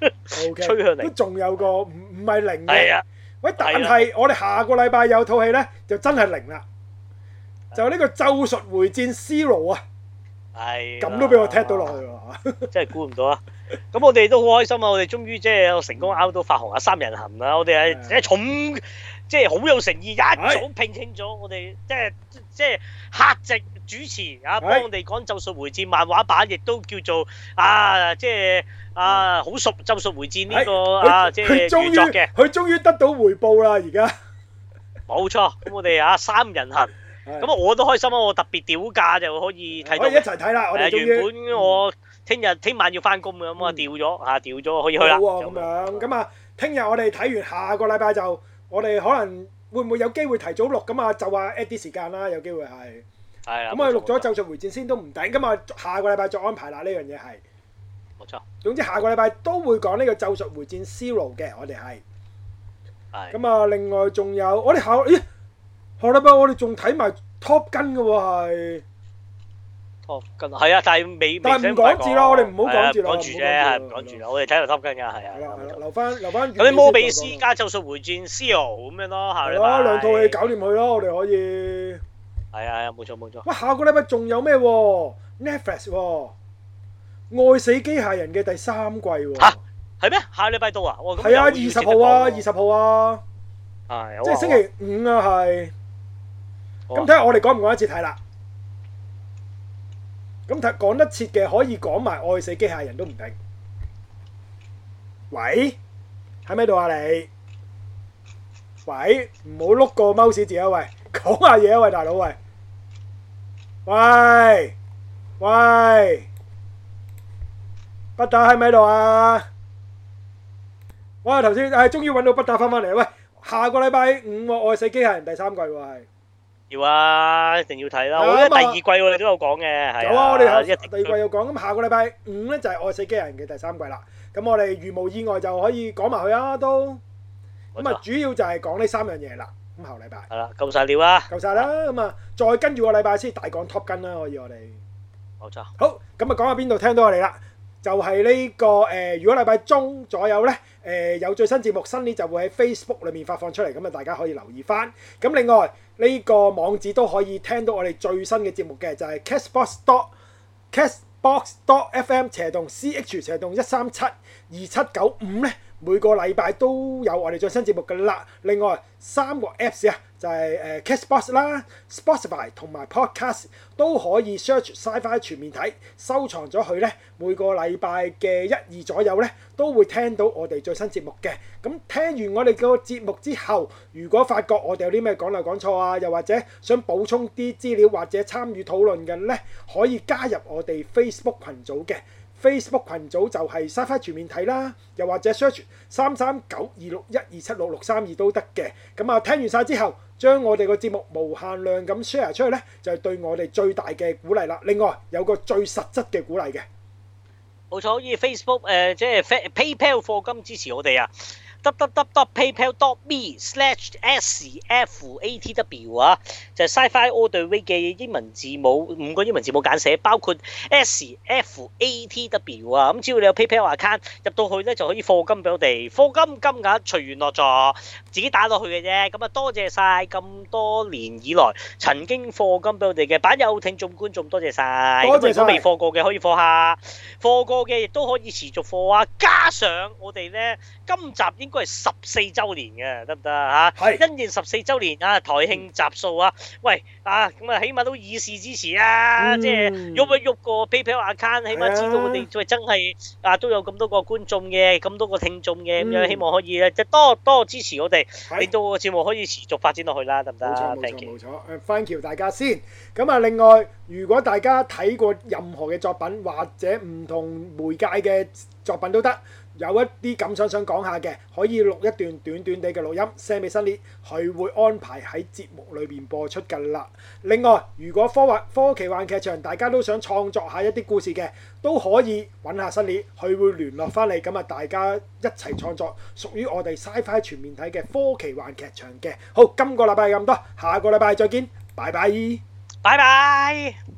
OK，趨向零。都仲有個唔唔係零嘅。係啊，喂，但係我哋下個禮拜有套戲咧，就真係零啦。就呢個《咒術回戰》Zero 啊，係咁都俾我踢到落去啊！真係估唔到啊！咁我哋都好開心啊！我哋終於即係成功拗到發行啊《三人行》啊！我哋係即係重即係好有誠意，一早聘請咗我哋，即係即係客席主持啊，幫我哋講《咒術回戰》漫畫版，亦都叫做啊，即係啊好熟《咒術回戰》呢個啊即係原著嘅，佢終於得到回報啦！而家冇錯，咁我哋啊三人行。咁 我都開心啊！我特別屌價就可以提早。喂，一齊睇啦！我哋原本我聽日聽晚要翻工咁啊調咗嚇，調咗可以去啦。咁樣咁啊，聽日、啊、我哋睇完，下個禮拜就我哋可能會唔會有機會提早錄咁啊？就話 add 啲時間啦，有機會係。係啊。咁我哋錄咗《錯錯咒術回戰》先都唔頂，咁啊下個禮拜再安排啦。呢樣嘢係冇錯。總之下個禮拜都會講呢個《咒術回戰 Zero》嘅，我哋係係。咁啊是、嗯，另外仲有我哋下咦？下禮拜我哋仲睇埋 Top Gun 嘅喎，係 Top Gun 係啊，但係未未先唔講住啦，我哋唔好講住啦，講住啫，講住啦，我哋睇下 Top Gun 嘅，係啊，留翻留翻。咁啲《魔比斯》加《咒術回轉》《C 羅》咁樣咯，下禮拜。咁啊，兩套戲搞掂佢咯，我哋可以。係啊係啊，冇錯冇錯。哇，下個禮拜仲有咩？Netflix《愛死機械人》嘅第三季喎。吓？係咩？下禮拜到啊？我咁係啊，二十號啊，二十號啊，係即係星期五啊，係。咁睇下我哋講唔講得切睇啦。咁講得切嘅可以講埋《愛死機械人》都唔定。喂，喺咪度啊你？喂，唔好碌個踎屎字啊！喂，講下嘢啊！喂，大佬喂，喂、哎、喂，不打喺咪度啊？哇！頭先誒，終於搵到不打翻翻嚟喂，下個禮拜五《愛死機械人》第三季喎要啊，一定要睇啦！我覺得第二季我哋都有講嘅，係。好啊，我哋第二季有講，咁下個禮拜五咧就係《愛死機人》嘅第三季啦。咁我哋如無意外就可以講埋去啊，都。咁啊，主要就係講呢三樣嘢啦。咁後禮拜。係啦，夠曬料啦。夠曬啦，咁啊，再跟住個禮拜先大講 Top Gun 啦，可以我哋。冇錯。好，咁啊，講下邊度聽到我哋啦。就係呢、這個誒、呃，如果禮拜中左右咧，誒、呃、有最新節目，新嘅就會喺 Facebook 裏面發放出嚟，咁啊大家可以留意返。咁另外呢、這個網址都可以聽到我哋最新嘅節目嘅，就係 castbox dot castbox dot fm 斜動 ch 斜動一三七二七九五咧，每個禮拜都有我哋最新節目嘅啦。另外三個 Apps 啊。就係誒 Catchbox 啦、Spotify 同埋 Podcast s，都可以 search 沙發全面睇，收藏咗佢咧，每個禮拜嘅一二左右咧，都會聽到我哋最新節目嘅。咁聽完我哋個節目之後，如果發覺我哋有啲咩講漏講錯啊，又或者想補充啲資料或者參與討論嘅咧，可以加入我哋 Facebook 群組嘅。Facebook 群組就係沙發全面睇啦，又或者 search 三三九二六一二七六六三二都得嘅。咁啊，聽完晒之後。將我哋個節目無限量咁 share 出去呢就係對我哋最大嘅鼓勵啦。另外有個最實質嘅鼓勵嘅，冇錯，好似 Facebook 誒，即係 PayPal 課金支持我哋啊！PayPal dot me slash S F A T W 啊，就係 Sci-Fi All The Way 嘅英文字母五個英文字母簡寫，包括 S F A T W 啊，咁只要你有 PayPal account 入到去咧，就可以課金俾我哋，課金金額隨緣落座，自己打落去嘅啫。咁啊，多謝晒咁多年以來曾經課金俾我哋嘅版友聽眾觀眾，多謝晒，如果未課過嘅可以課下，課過嘅亦都可以持續課啊。加上我哋咧，今集應。都係十四周年嘅，得唔得啊？嚇！因為十四周年啊，台慶集數啊，喂啊，咁啊，起碼都以示支持啊！即係喐一喐個 PayPal account，起碼知道我哋喂真係啊都有咁多個觀眾嘅，咁多個聽眾嘅咁樣，希望可以咧就多多支持我哋，令到個節目可以持續發展落去啦，得唔得啊？冇錯冇錯，誒，thank you 大家先。咁啊，另外如果大家睇過任何嘅作品或者唔同媒介嘅作品都得。有一啲感想想講下嘅，可以錄一段短短地嘅錄音 send 俾新烈，佢會安排喺節目裏邊播出㗎啦。另外，如果科幻、科奇幻劇場大家都想創作一下一啲故事嘅，都可以揾下新烈，佢會聯絡翻你，咁啊大家一齊創作屬於我哋 Sci-Fi 全面睇嘅科奇幻劇場嘅。好，今個禮拜咁多，下個禮拜再見，拜拜，拜拜。